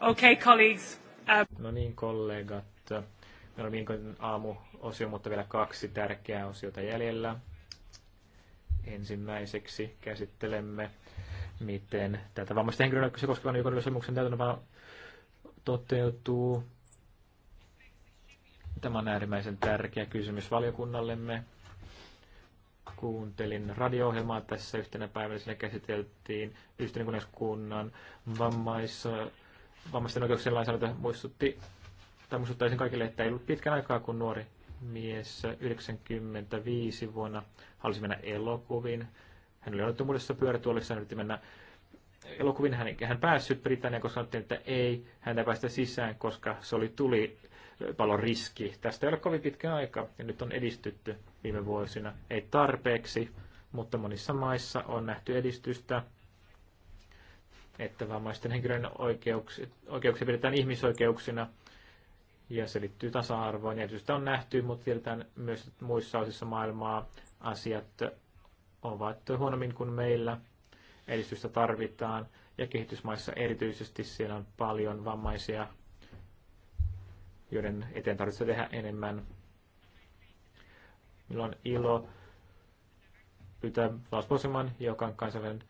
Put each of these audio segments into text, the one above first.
Okay, colleagues. Uh... No niin, kollegat. Meillä on viikon aamuosio, mutta vielä kaksi tärkeää osiota jäljellä. Ensimmäiseksi käsittelemme, miten tätä vammaisten henkilöä se koskevan YK sopimuksen täytäntö toteutuu. Tämä on äärimmäisen tärkeä kysymys valiokunnallemme. Kuuntelin radio-ohjelmaa tässä yhtenä päivänä. Siinä käsiteltiin kunnan vammaisen vammaisten oikeuksien lainsäädäntö muistutti, tai muistuttaisin kaikille, että ei ollut pitkän aikaa, kun nuori mies 95 vuonna halusi mennä elokuviin. Hän oli onnettomuudessa pyörätuolissa, hän yritti mennä elokuviin. Hän, hän päässyt Britanniaan, koska sanottiin, että ei, Hän ei päästä sisään, koska se oli tuli paljon riski. Tästä ei ole kovin pitkä aika ja nyt on edistytty viime vuosina. Ei tarpeeksi, mutta monissa maissa on nähty edistystä että vammaisten henkilöiden oikeuksia, oikeuksia pidetään ihmisoikeuksina ja se liittyy tasa-arvoon. tietysti on nähty, mutta tiedetään myös, että muissa osissa maailmaa asiat ovat huonommin kuin meillä. Edistystä tarvitaan ja kehitysmaissa erityisesti siellä on paljon vammaisia, joiden eteen tarvitsee tehdä enemmän. Minulla on ilo pyytää Klaus joka on kansainvälinen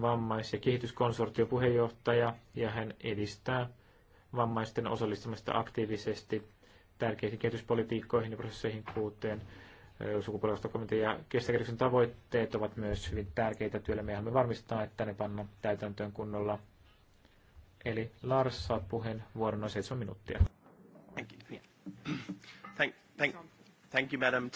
vammais- ja kehityskonsortio puheenjohtaja ja hän edistää vammaisten osallistumista aktiivisesti tärkeisiin kehityspolitiikkoihin ja prosesseihin kuuteen Sukupuolivastokomitean ja kestäkehityksen tavoitteet ovat myös hyvin tärkeitä työlle. Mehän me varmistaa, että ne panna täytäntöön kunnolla. Eli Lars, saat vuoron noin seitsemän minuuttia. Thank you, thank, thank, thank you madam.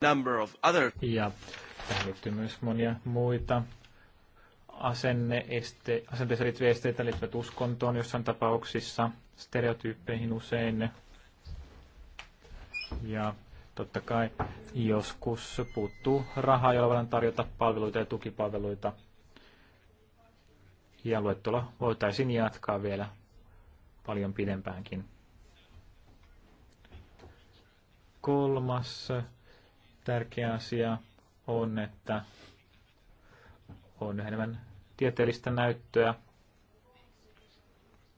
number of other... Ja tähän liittyy myös monia muita asenneeste, asenteeseen liittyviä esteitä liittyvät uskontoon jossain tapauksissa, stereotyyppeihin usein. Ja totta kai joskus puuttuu rahaa, jolla voidaan tarjota palveluita ja tukipalveluita. Ja luettelo voitaisiin jatkaa vielä paljon pidempäänkin. Kolmas Tärkeä asia on, että on enemmän tieteellistä näyttöä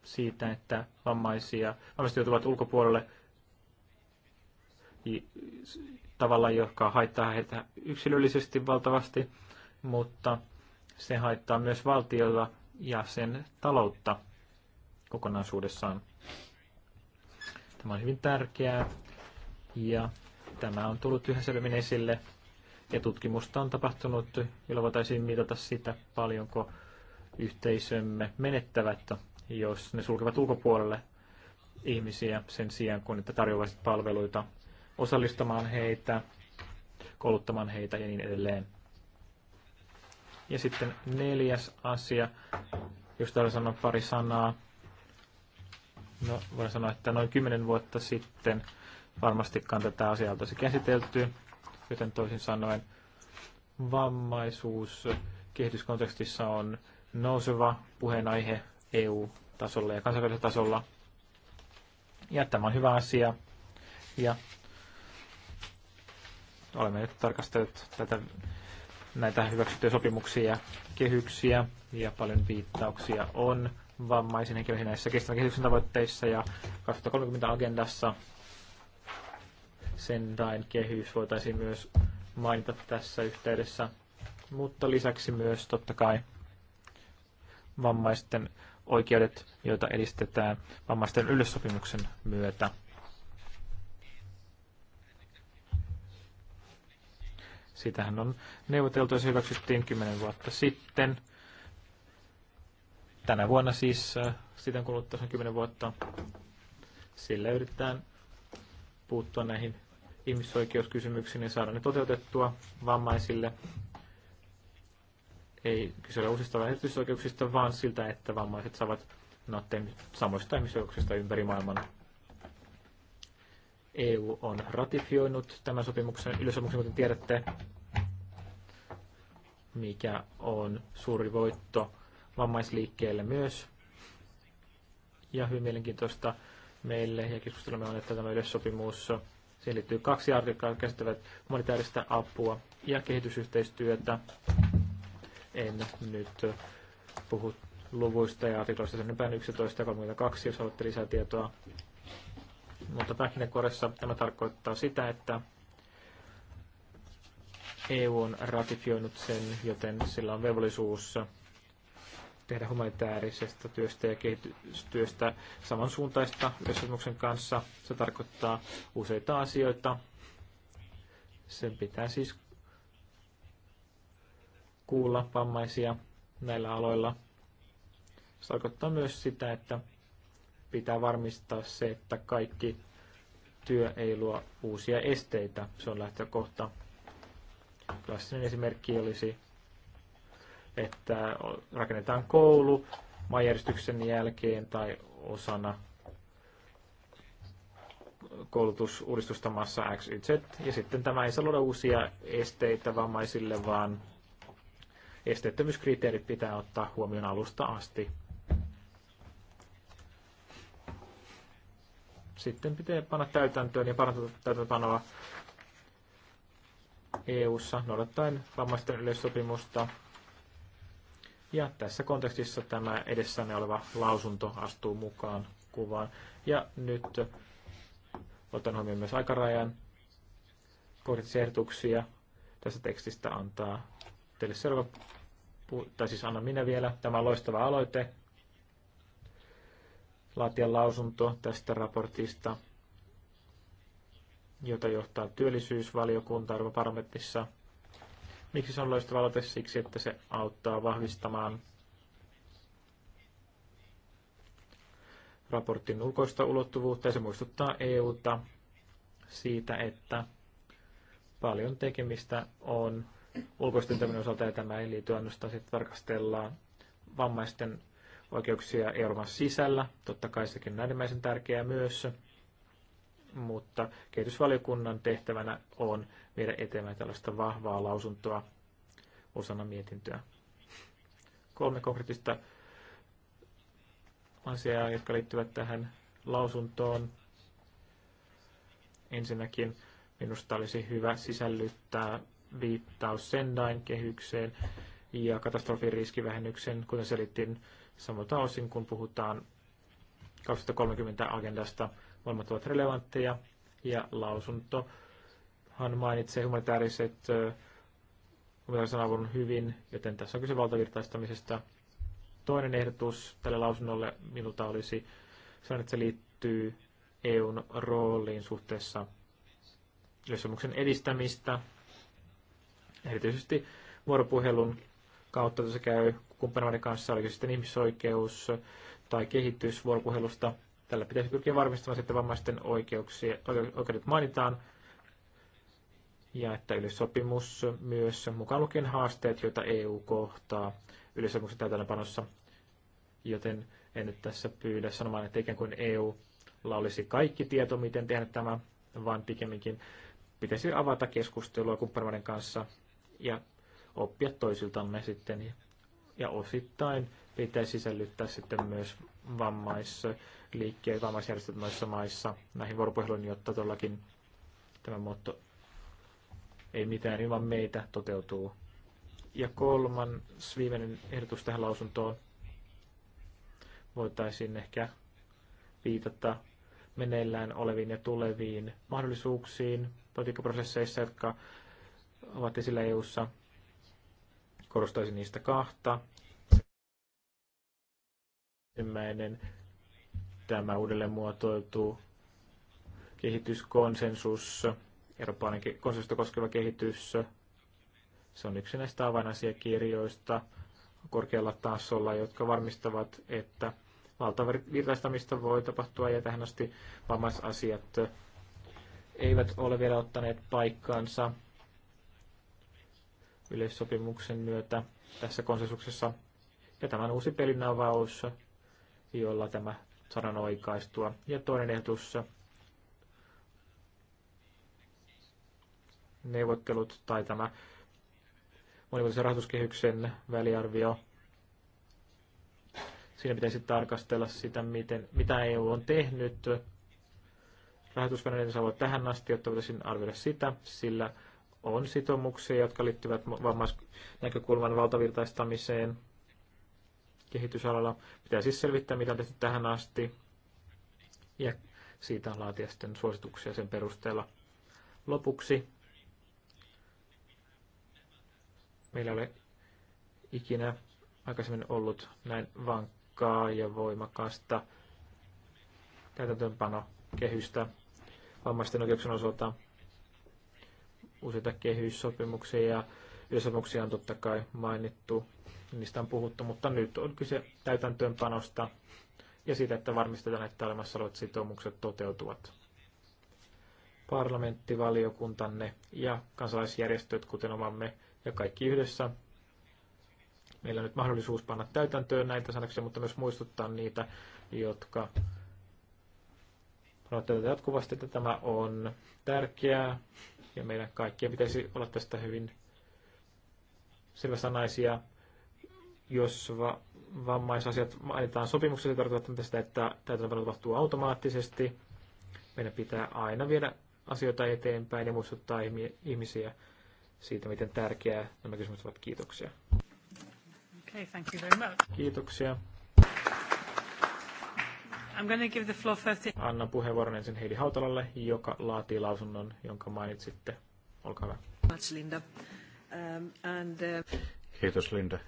siitä, että vammaisia, vammaiset joutuvat ulkopuolelle tavalla, joka haittaa heitä yksilöllisesti valtavasti, mutta se haittaa myös valtiota ja sen taloutta kokonaisuudessaan. Tämä on hyvin tärkeää ja Tämä on tullut yhä selvemmin esille ja tutkimusta on tapahtunut, jolla voitaisiin mitata sitä, paljonko yhteisömme menettävät, jos ne sulkevat ulkopuolelle ihmisiä sen sijaan, kun että tarjoaisivat palveluita osallistamaan heitä, kouluttamaan heitä ja niin edelleen. Ja sitten neljäs asia, jos täällä sanon pari sanaa. No, voin sanoa, että noin kymmenen vuotta sitten varmastikaan tätä asiaa olisi käsitelty, joten toisin sanoen vammaisuus kehityskontekstissa on nouseva puheenaihe EU-tasolla ja kansainvälisellä tasolla. Ja tämä on hyvä asia. Ja olemme nyt tarkastelleet tätä, näitä hyväksyttyjä sopimuksia ja kehyksiä ja paljon viittauksia on vammaisen henkilöihin näissä kestävän kehityksen tavoitteissa ja 2030 agendassa Sendain kehys voitaisiin myös mainita tässä yhteydessä, mutta lisäksi myös totta kai vammaisten oikeudet, joita edistetään vammaisten yleissopimuksen myötä. Sitähän on neuvoteltu ja se hyväksyttiin 10 vuotta sitten. Tänä vuonna siis, äh, sitä on kymmenen 10 vuotta, sillä yritetään puuttua näihin ihmisoikeuskysymyksiin ja saada ne toteutettua vammaisille. Ei kyse uusista vähemmistöoikeuksista, vaan siltä, että vammaiset saavat nauttia no, samoista ihmisoikeuksista ympäri maailman. EU on ratifioinut tämän sopimuksen, yleisopimuksen, kuten tiedätte, mikä on suuri voitto vammaisliikkeelle myös. Ja hyvin mielenkiintoista meille ja keskustelumme on, että tämä yleissopimus Siihen liittyy kaksi artikkaa, jotka käsittävät humanitaarista apua ja kehitysyhteistyötä. En nyt puhu luvuista ja artikloista sen päin niin 11 ja 32, jos haluatte lisää tietoa. Mutta pähkinäkuoressa tämä tarkoittaa sitä, että EU on ratifioinut sen, joten sillä on velvollisuus tehdä humanitaarisesta työstä ja kehitystyöstä samansuuntaista yleissopimuksen kanssa. Se tarkoittaa useita asioita. Sen pitää siis kuulla vammaisia näillä aloilla. Se tarkoittaa myös sitä, että pitää varmistaa se, että kaikki työ ei luo uusia esteitä. Se on lähtökohta. Klassinen esimerkki olisi että rakennetaan koulu maanjäristyksen jälkeen tai osana koulutusuudistusta maassa X, Y, Z. Ja sitten tämä ei saa luoda uusia esteitä vammaisille, vaan esteettömyyskriteerit pitää ottaa huomioon alusta asti. Sitten pitää panna täytäntöön ja parantaa täytäntöpanoa EU-ssa noudattaen vammaisten yleissopimusta ja tässä kontekstissa tämä edessäni oleva lausunto astuu mukaan kuvaan. Ja nyt otan huomioon myös aikarajan. Konkreettisia ehdotuksia tästä tekstistä antaa teille selvä, tai siis annan minä vielä. Tämä on loistava aloite. Laatia lausunto tästä raportista, jota johtaa työllisyysvaliokunta arvoparlamentissa – Miksi se on loistava aloite? Siksi, että se auttaa vahvistamaan raportin ulkoista ulottuvuutta ja se muistuttaa EUta siitä, että paljon tekemistä on ulkoisten toiminnan osalta ja tämä ei liity ainoastaan sitten tarkastellaan vammaisten oikeuksia Euroopan sisällä. Totta kai sekin on äärimmäisen tärkeää myös mutta kehitysvaliokunnan tehtävänä on viedä eteenpäin tällaista vahvaa lausuntoa osana mietintöä. Kolme konkreettista asiaa, jotka liittyvät tähän lausuntoon. Ensinnäkin minusta olisi hyvä sisällyttää viittaus Sendain kehykseen ja katastrofin riskivähennyksen, kuten selitin samalta osin, kun puhutaan 2030 agendasta – molemmat ovat relevantteja. Ja lausuntohan mainitsee humanitaariset humanitaarisen avun hyvin, joten tässä on kyse valtavirtaistamisesta. Toinen ehdotus tälle lausunnolle minulta olisi sellainen, että se liittyy EUn rooliin suhteessa yleissopimuksen edistämistä, erityisesti vuoropuhelun kautta se käy kumppanimaiden kanssa, oliko sitten ihmisoikeus tai kehitys vuoropuhelusta Tällä pitäisi pyrkiä varmistamaan, että vammaisten oikeuksia, oikeudet mainitaan ja että yleissopimus myös mukaan lukien haasteet, joita EU kohtaa yleissopimuksen täytäntöönpanossa. Joten en nyt tässä pyydä sanomaan, että ikään kuin EUlla olisi kaikki tieto, miten tehdä tämä, vaan pikemminkin pitäisi avata keskustelua kumppanimaiden kanssa ja oppia toisiltamme sitten. Ja osittain pitäisi sisällyttää sitten myös vammais- liikkeet, vammaisjärjestöt noissa maissa näihin vuoropuheluihin, jotta todellakin tämä motto ei mitään ilman niin meitä toteutuu. Ja kolmas viimeinen ehdotus tähän lausuntoon voitaisiin ehkä viitata meneillään oleviin ja tuleviin mahdollisuuksiin politiikkaprosesseissa, jotka ovat esillä EU-ssa. Korostaisin niistä kahta. Ensimmäinen tämä uudelleen muotoiltu kehityskonsensus, eurooppalainen konsensusta koskeva kehitys, se on yksi näistä avainasiakirjoista korkealla tasolla, jotka varmistavat, että valtavirtaistamista voi tapahtua ja tähän asti vammaisasiat eivät ole vielä ottaneet paikkaansa yleissopimuksen myötä tässä konsensuksessa. Ja on uusi pelinavaus, jolla tämä saadaan oikaistua. Ja toinen ehdotus, neuvottelut tai tämä monivuotisen rahoituskehyksen väliarvio. Siinä pitäisi tarkastella sitä, miten, mitä EU on tehnyt rahoitusvälineiden saavut tähän asti, jotta voitaisiin arvioida sitä, sillä on sitoumuksia, jotka liittyvät vammaisnäkökulman valtavirtaistamiseen – kehitysalalla. Pitää siis selvittää, mitä on tehty tähän asti, ja siitä laatia sitten suosituksia sen perusteella. Lopuksi meillä ei ole ikinä aikaisemmin ollut näin vankkaa ja voimakasta täytäntöönpano kehystä vammaisten oikeuksien osalta useita kehyssopimuksia Yleisopimuksia on totta kai mainittu, niistä on puhuttu, mutta nyt on kyse täytäntöönpanosta ja siitä, että varmistetaan, että olemassa olevat sitoumukset toteutuvat. Parlamenttivaliokuntanne ja kansalaisjärjestöt, kuten omamme ja kaikki yhdessä, meillä on nyt mahdollisuus panna täytäntöön näitä sanoksia, mutta myös muistuttaa niitä, jotka panottelut jatkuvasti, että tämä on tärkeää ja meidän kaikkien pitäisi olla tästä hyvin selväsanaisia, jos va- vammaisasiat mainitaan sopimuksessa, se tarkoittaa sitä, että täytäntöönpano tapahtuu automaattisesti. Meidän pitää aina viedä asioita eteenpäin ja muistuttaa ihmisiä siitä, miten tärkeää nämä kysymykset ovat. Kiitoksia. Okay, thank you very much. Kiitoksia. I'm going to give the floor first. Annan puheenvuoron ensin Heidi Hautalalle, joka laatii lausunnon, jonka mainitsitte. Olkaa hyvä. Much, Linda. Um, uh, Kiitos Linda.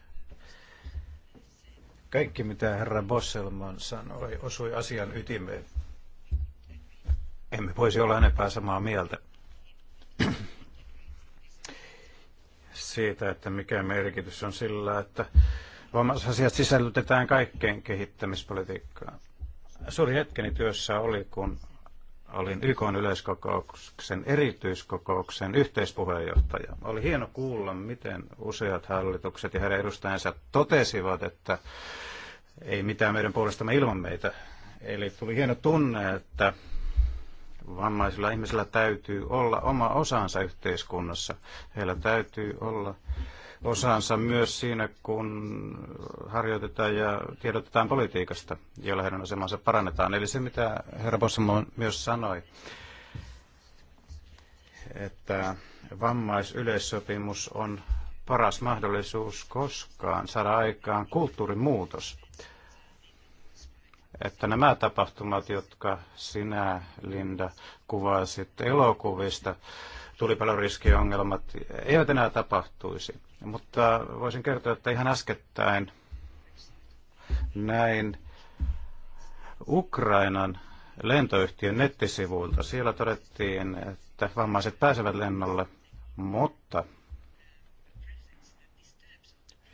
Kaikki mitä herra Bosselman sanoi osui asian ytimeen. Emme voisi olla enempää samaa mieltä siitä, että mikä merkitys on sillä, että vammaisasiat sisällytetään kaikkeen kehittämispolitiikkaan. Suuri hetkeni työssä oli, kun olin YK yleiskokouksen erityiskokouksen yhteispuheenjohtaja. Oli hieno kuulla, miten useat hallitukset ja heidän edustajansa totesivat, että ei mitään meidän puolestamme ilman meitä. Eli tuli hieno tunne, että vammaisilla ihmisillä täytyy olla oma osansa yhteiskunnassa. Heillä täytyy olla osansa myös siinä, kun harjoitetaan ja tiedotetaan politiikasta, jolla heidän asemansa parannetaan. Eli se, mitä herra Bossamo myös sanoi, että vammaisyleissopimus on paras mahdollisuus koskaan saada aikaan kulttuurimuutos. Että nämä tapahtumat, jotka sinä, Linda, kuvasit elokuvista, tulipaloriskiongelmat, eivät enää tapahtuisi. Mutta voisin kertoa, että ihan äskettäin näin Ukrainan lentoyhtiön nettisivuilta. Siellä todettiin, että vammaiset pääsevät lennolle, mutta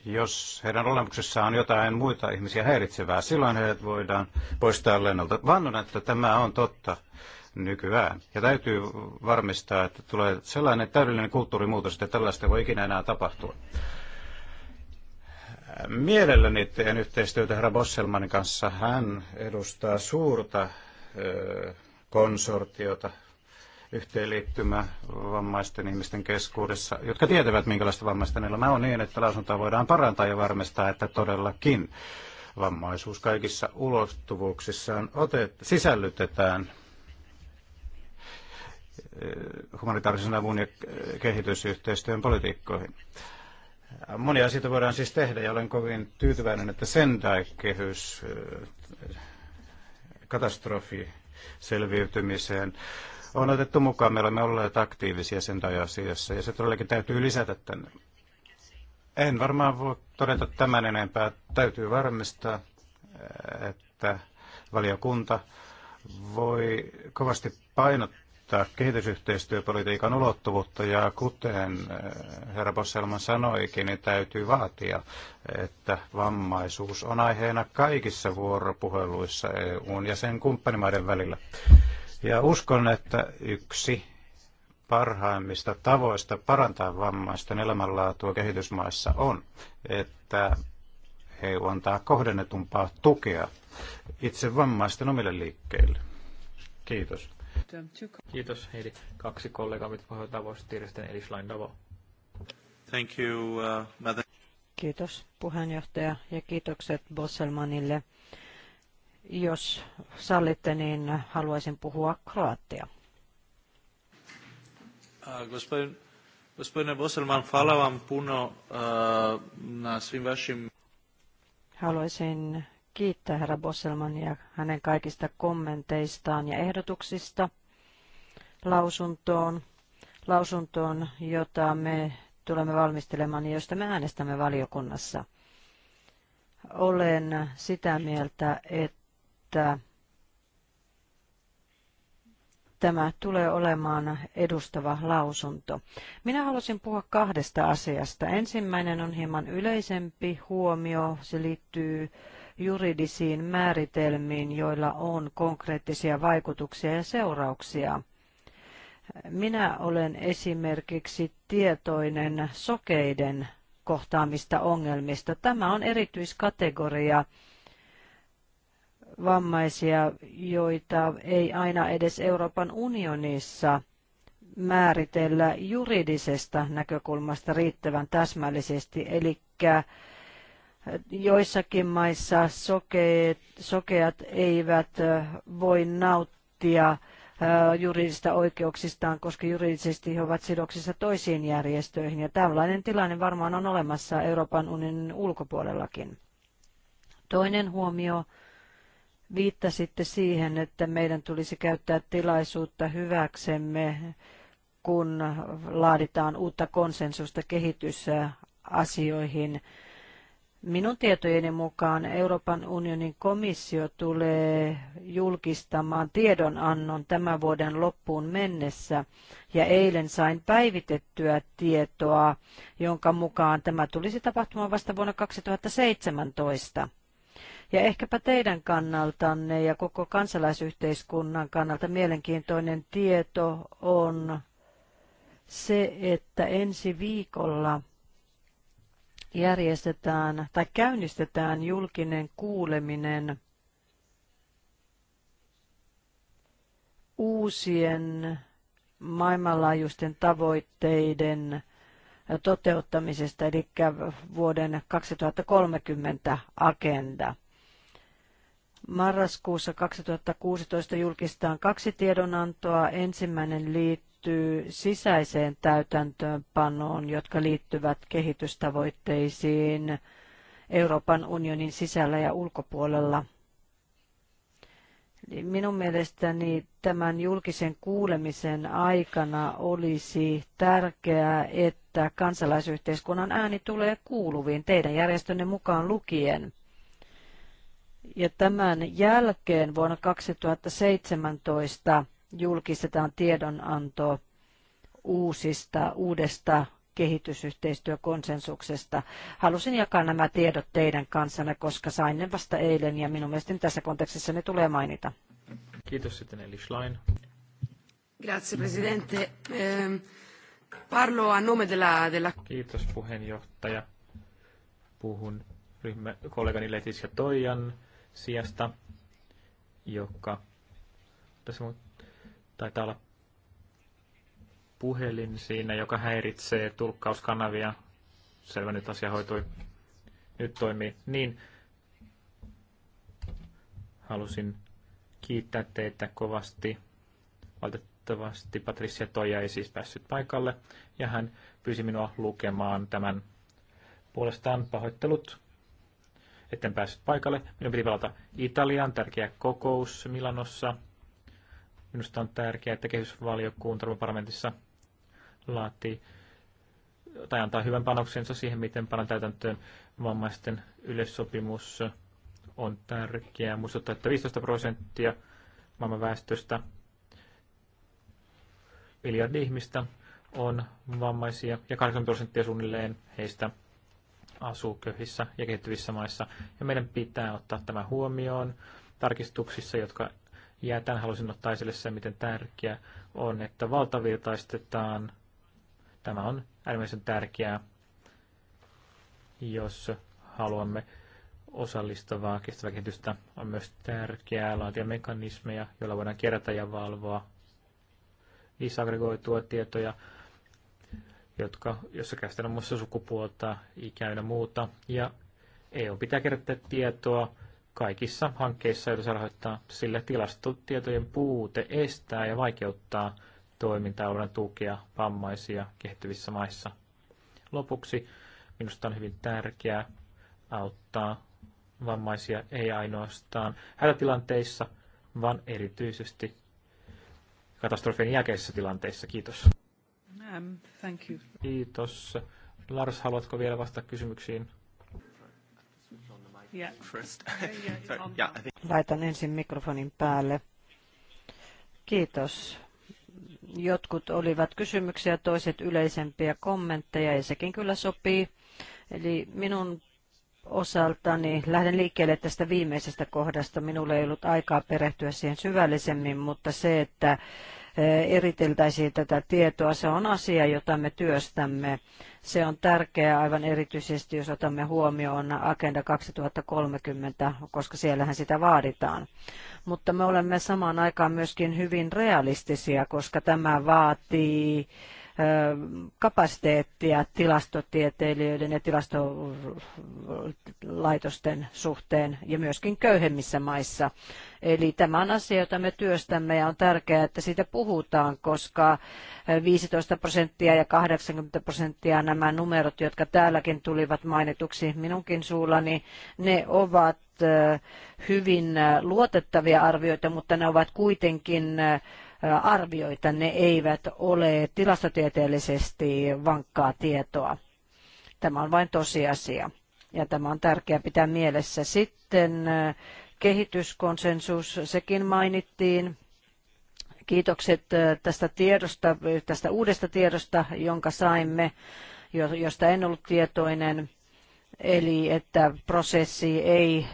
jos heidän olemuksessaan on jotain muita ihmisiä häiritsevää, silloin heidät voidaan poistaa lennolta. Vannon, että tämä on totta nykyään. Ja täytyy varmistaa, että tulee sellainen täydellinen kulttuurimuutos, että tällaista ei voi ikinä enää tapahtua. Mielelläni teen yhteistyötä herra Bosselmanin kanssa. Hän edustaa suurta konsortiota, yhteenliittymä vammaisten ihmisten keskuudessa, jotka tietävät, minkälaista vammaista niillä on niin, että lausuntoa voidaan parantaa ja varmistaa, että todellakin vammaisuus kaikissa ulottuvuuksissaan otet, sisällytetään humanitaarisen avun ja kehitysyhteistyön politiikkoihin. Monia asioita voidaan siis tehdä ja olen kovin tyytyväinen, että Sendai-kehys eh, katastrofi selviytymiseen on otettu mukaan. Me olemme olleet aktiivisia Sendai-asiassa ja se todellakin täytyy lisätä tänne. En varmaan voi todeta tämän enempää. Täytyy varmistaa, eh, että valiokunta voi kovasti painottaa korostaa kehitysyhteistyöpolitiikan ulottuvuutta ja kuten eh, herra Bosselman sanoikin, niin täytyy vaatia, että vammaisuus on aiheena kaikissa vuoropuheluissa EUn ja sen kumppanimaiden välillä. Ja uskon, että yksi parhaimmista tavoista parantaa vammaisten elämänlaatua kehitysmaissa on, että EU antaa kohdennetumpaa tukea itse vammaisten omille liikkeille. Kiitos. Kiitos Heidi. Kaksi kollegaa, mitä puheenjohtaja voisi tiedä eli Schleindavo. Thank you, uh, Madam. Kiitos puheenjohtaja ja kiitokset Bosselmanille. Jos sallitte, niin haluaisin puhua kroattia. gospodine Bosselman, puno uh, na svim vašim... Haluaisin kiittää herra Bosselmania hänen kaikista kommenteistaan ja ehdotuksista lausuntoon, lausuntoon jota me tulemme valmistelemaan ja josta me äänestämme valiokunnassa. Olen sitä mieltä, että tämä tulee olemaan edustava lausunto. Minä halusin puhua kahdesta asiasta. Ensimmäinen on hieman yleisempi huomio. Se liittyy juridisiin määritelmiin, joilla on konkreettisia vaikutuksia ja seurauksia. Minä olen esimerkiksi tietoinen sokeiden kohtaamista ongelmista. Tämä on erityiskategoria vammaisia, joita ei aina edes Euroopan unionissa määritellä juridisesta näkökulmasta riittävän täsmällisesti, eli Joissakin maissa sokeet, sokeat eivät voi nauttia juridista oikeuksistaan, koska juridisesti he ovat sidoksissa toisiin järjestöihin. Ja tällainen tilanne varmaan on olemassa Euroopan unionin ulkopuolellakin. Toinen huomio viittasitte siihen, että meidän tulisi käyttää tilaisuutta hyväksemme, kun laaditaan uutta konsensusta kehitysasioihin. asioihin Minun tietojeni mukaan Euroopan unionin komissio tulee julkistamaan tiedonannon tämän vuoden loppuun mennessä ja eilen sain päivitettyä tietoa, jonka mukaan tämä tulisi tapahtumaan vasta vuonna 2017. Ja ehkäpä teidän kannaltanne ja koko kansalaisyhteiskunnan kannalta mielenkiintoinen tieto on se, että ensi viikolla – järjestetään tai käynnistetään julkinen kuuleminen uusien maailmanlaajuisten tavoitteiden toteuttamisesta, eli vuoden 2030 agenda. Marraskuussa 2016 julkistetaan kaksi tiedonantoa. Ensimmäinen liittyy liittyy sisäiseen täytäntöönpanoon, jotka liittyvät kehitystavoitteisiin Euroopan unionin sisällä ja ulkopuolella. Minun mielestäni tämän julkisen kuulemisen aikana olisi tärkeää, että kansalaisyhteiskunnan ääni tulee kuuluviin teidän järjestönne mukaan lukien. Ja tämän jälkeen vuonna 2017 julkistetaan tiedonanto uusista, uudesta kehitysyhteistyökonsensuksesta. Halusin jakaa nämä tiedot teidän kanssanne, koska sain ne vasta eilen ja minun mielestäni tässä kontekstissa ne tulee mainita. Kiitos sitten Eli Schlein. Grazie Presidente. Ehm, parlo a nome della, della... Kiitos puheenjohtaja. Puhun ryhmä, kollegani Letizia Toijan sijasta, joka tässä Taitaa olla puhelin siinä, joka häiritsee tulkkauskanavia. Selvä, nyt asia hoitui. Nyt toimii. Niin, halusin kiittää teitä kovasti. Valitettavasti Patricia Toija ei siis päässyt paikalle, ja hän pyysi minua lukemaan tämän puolestaan pahoittelut, etten päässyt paikalle. Minun piti palata Italian tärkeä kokous Milanossa – Minusta on tärkeää, että kehitysvaliokunta parlamentissa laatii tai antaa hyvän panoksensa siihen, miten paran täytäntöön vammaisten yleissopimus on tärkeää. Muistuttaa, että 15 prosenttia maailman väestöstä, miljardi ihmistä, on vammaisia ja 80 prosenttia suunnilleen heistä asuu köyhissä ja kehittyvissä maissa. Ja meidän pitää ottaa tämä huomioon tarkistuksissa, jotka ja tämän halusin ottaa esille se, miten tärkeää on, että valtavirtaistetaan. Tämä on äärimmäisen tärkeää, jos haluamme osallistavaa kestävää kehitystä. On myös tärkeää laatia mekanismeja, joilla voidaan kerätä ja valvoa disaggregoitua tietoja, jotka, jossa käsitellään muassa sukupuolta, ikäynä muuta. Ja EU pitää kerätä tietoa kaikissa hankkeissa, joita se rahoittaa, sillä tilastotietojen puute estää ja vaikeuttaa toimintaa tukea vammaisia kehittyvissä maissa. Lopuksi minusta on hyvin tärkeää auttaa vammaisia ei ainoastaan hätätilanteissa, vaan erityisesti katastrofien jälkeisissä tilanteissa. Kiitos. Um, thank you. Kiitos. Lars, haluatko vielä vastata kysymyksiin? Laitan ensin mikrofonin päälle. Kiitos. Jotkut olivat kysymyksiä, toiset yleisempiä kommentteja, ja sekin kyllä sopii. Eli minun osaltani lähden liikkeelle tästä viimeisestä kohdasta. Minulla ei ollut aikaa perehtyä siihen syvällisemmin, mutta se, että Eh, eriteltäisiin tätä tietoa. Se on asia, jota me työstämme. Se on tärkeää aivan erityisesti, jos otamme huomioon Agenda 2030, koska siellähän sitä vaaditaan. Mutta me olemme samaan aikaan myöskin hyvin realistisia, koska tämä vaatii eh, kapasiteettia tilastotieteilijöiden ja tilastolaitosten suhteen ja myöskin köyhemmissä maissa. Eli tämä on asia, jota me työstämme ja on tärkeää, että siitä puhutaan, koska 15 prosenttia ja 80 prosenttia nämä numerot, jotka täälläkin tulivat mainituksi minunkin suullani, ne ovat hyvin luotettavia arvioita, mutta ne ovat kuitenkin arvioita, ne eivät ole tilastotieteellisesti vankkaa tietoa. Tämä on vain tosiasia ja tämä on tärkeää pitää mielessä. Sitten Kehityskonsensus, sekin mainittiin. Kiitokset tästä tiedosta, tästä uudesta tiedosta, jonka saimme, josta en ollut tietoinen. Eli että prosessi ei,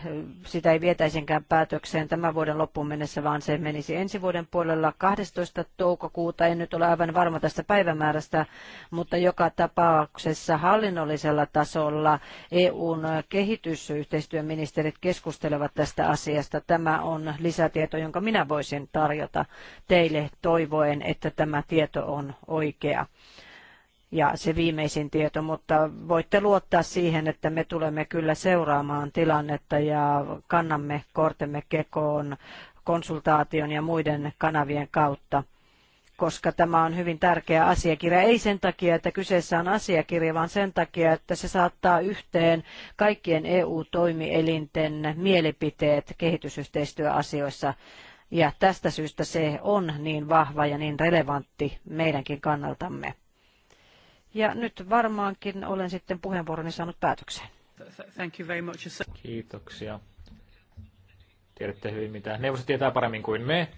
sitä ei vietäisinkään päätökseen tämän vuoden loppuun mennessä, vaan se menisi ensi vuoden puolella 12. toukokuuta. En nyt ole aivan varma tästä päivämäärästä, mutta joka tapauksessa hallinnollisella tasolla EUn kehitysyhteistyöministerit keskustelevat tästä asiasta. Tämä on lisätieto, jonka minä voisin tarjota teille toivoen, että tämä tieto on oikea ja se viimeisin tieto, mutta voitte luottaa siihen, että me tulemme kyllä seuraamaan tilannetta ja kannamme kortemme kekoon konsultaation ja muiden kanavien kautta koska tämä on hyvin tärkeä asiakirja. Ei sen takia, että kyseessä on asiakirja, vaan sen takia, että se saattaa yhteen kaikkien EU-toimielinten mielipiteet kehitysyhteistyöasioissa. Ja tästä syystä se on niin vahva ja niin relevantti meidänkin kannaltamme. Ja nyt varmaankin olen sitten puheenvuoroni saanut päätökseen. Thank you very much. Kiitoksia. Tiedätte hyvin, mitä neuvosto tietää paremmin kuin me.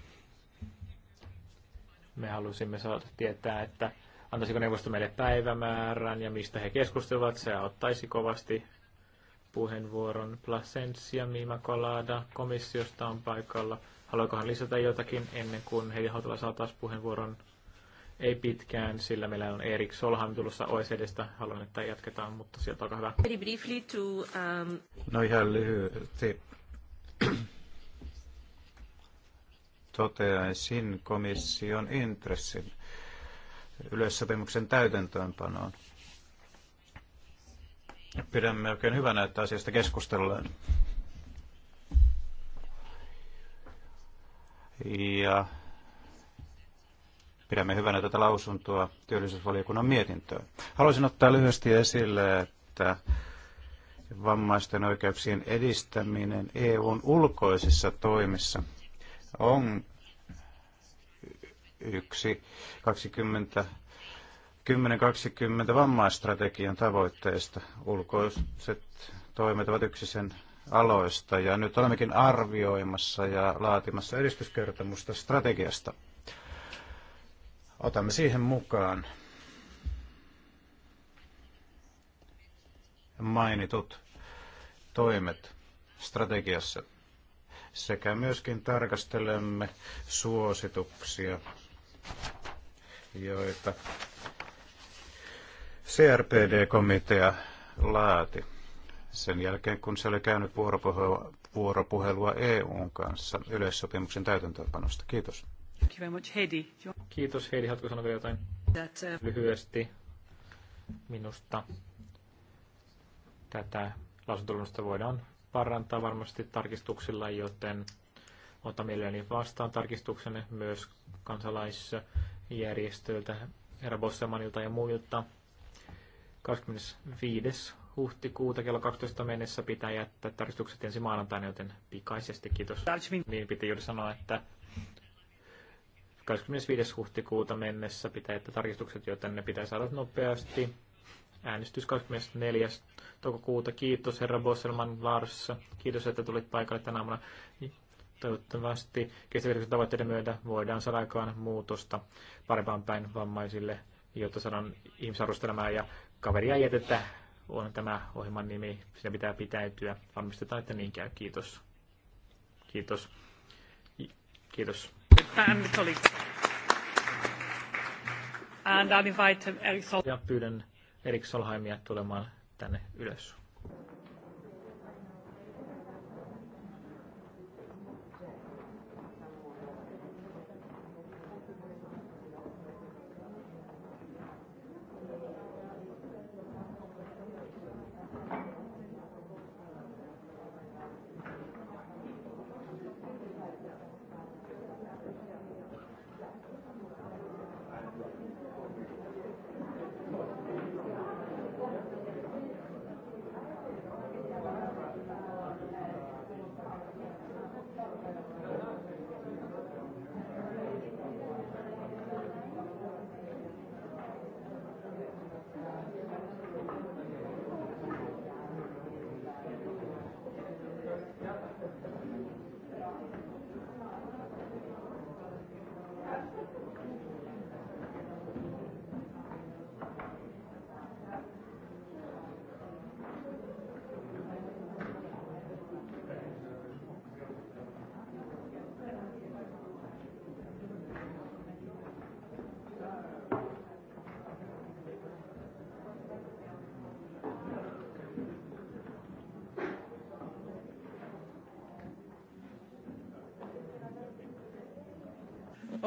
Me halusimme saada tietää, että antaisiko neuvosto meille päivämäärän ja mistä he keskustelevat. Se auttaisi kovasti puheenvuoron. Plasensia Mima Colada komissiosta on paikalla. Haluaikohan lisätä jotakin ennen kuin Heidi Hautala saa taas puheenvuoron? Ei pitkään, sillä meillä on Erik Solhan tulossa OECDstä. Haluan, että jatketaan, mutta sieltä olkaa hyvä. Very briefly to, um... No ihan lyhyesti. Toteaisin komission intressin yleissopimuksen täytäntöönpanoon. Pidämme oikein hyvänä, että asiasta keskustellaan. Ja Pidämme hyvänä tätä lausuntoa työllisyysvaliokunnan mietintöön. Haluaisin ottaa lyhyesti esille, että vammaisten oikeuksien edistäminen EUn ulkoisissa toimissa on yksi 20 10-20 vammaistrategian tavoitteista. Ulkoiset toimet ovat yksi sen aloista ja nyt olemmekin arvioimassa ja laatimassa edistyskertomusta strategiasta. Otamme siihen mukaan mainitut toimet strategiassa sekä myöskin tarkastelemme suosituksia, joita CRPD-komitea laati sen jälkeen, kun se oli käynyt vuoropuhelua, EUn kanssa yleissopimuksen täytäntöönpanosta. Kiitos. Thank you very much, Heidi. Kiitos Heidi, haluatko sanoa vielä jotain That, uh... lyhyesti minusta? Tätä lausuntolunnosta voidaan parantaa varmasti tarkistuksilla, joten otan mielelläni vastaan tarkistuksenne myös kansalaisjärjestöiltä, herra Bossemanilta ja muilta. 25. huhtikuuta kello 12 mennessä pitää jättää tarkistukset ensi maanantaina, joten pikaisesti kiitos. Niin piti juuri sanoa, että 25. huhtikuuta mennessä pitää että tarkistukset, joten ne pitää saada nopeasti. Äänestys 24. toukokuuta. Kiitos herra Bosselman Lars. Kiitos, että tulit paikalle tänä aamuna. Toivottavasti kestävyyden tavoitteiden myötä voidaan saada aikaan muutosta parempaan päin vammaisille, jotta saadaan ihmisarvostelemaan ja kaveria jätettä on tämä ohjelman nimi. Siinä pitää pitäytyä. Varmistetaan, että niin käy. Kiitos. Kiitos. Kiitos and I'll invite Eric Sol- ja pyydän Erik Solheimia tulemaan tänne ylös.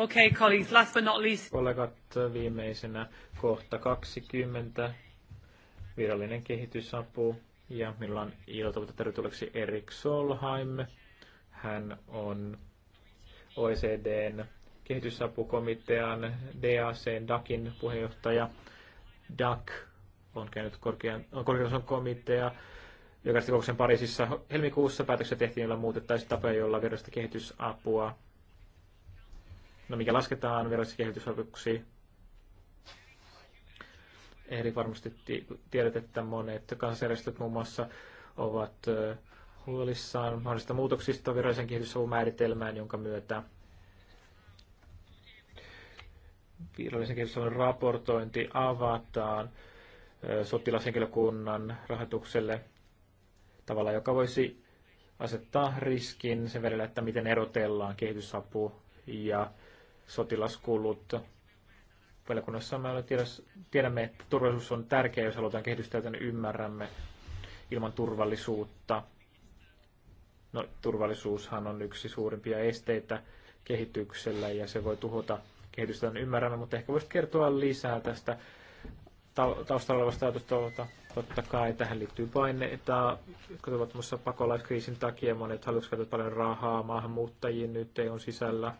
Okay, colleagues, last but not least. Kollegat, viimeisenä kohta 20, virallinen kehitysapu. Ja minulla on ilo tervetulleeksi Erik Solheim. Hän on OECDn kehitysapukomitean DAC DACin puheenjohtaja. DAC on käynyt korkean, on korkean komitea, joka kokouksen Pariisissa helmikuussa päätöksessä tehtiin, jolla muutettaisiin tapoja, jolla virallista kehitysapua no mikä lasketaan virallisiksi kehitysavuksi. eri varmasti tiedät, että monet kansanjärjestöt muun muassa ovat huolissaan mahdollisista muutoksista virallisen kehitysavun määritelmään, jonka myötä virallisen kehitysavun raportointi avataan sotilashenkilökunnan rahoitukselle tavalla, joka voisi asettaa riskin sen välillä, että miten erotellaan kehitysapu ja sotilaskulut. Valiokunnassa me tiedämme, että turvallisuus on tärkeä, jos halutaan kehitystä, niin ymmärrämme ilman turvallisuutta. No, turvallisuushan on yksi suurimpia esteitä kehityksellä ja se voi tuhota kehitystä, niin ymmärrämme, mutta ehkä voisit kertoa lisää tästä taustalla olevasta ajatusta. Totta kai tähän liittyy paineita, jotka ovat pakolaiskriisin takia. Monet hallitukset paljon rahaa maahanmuuttajiin nyt ei on sisällä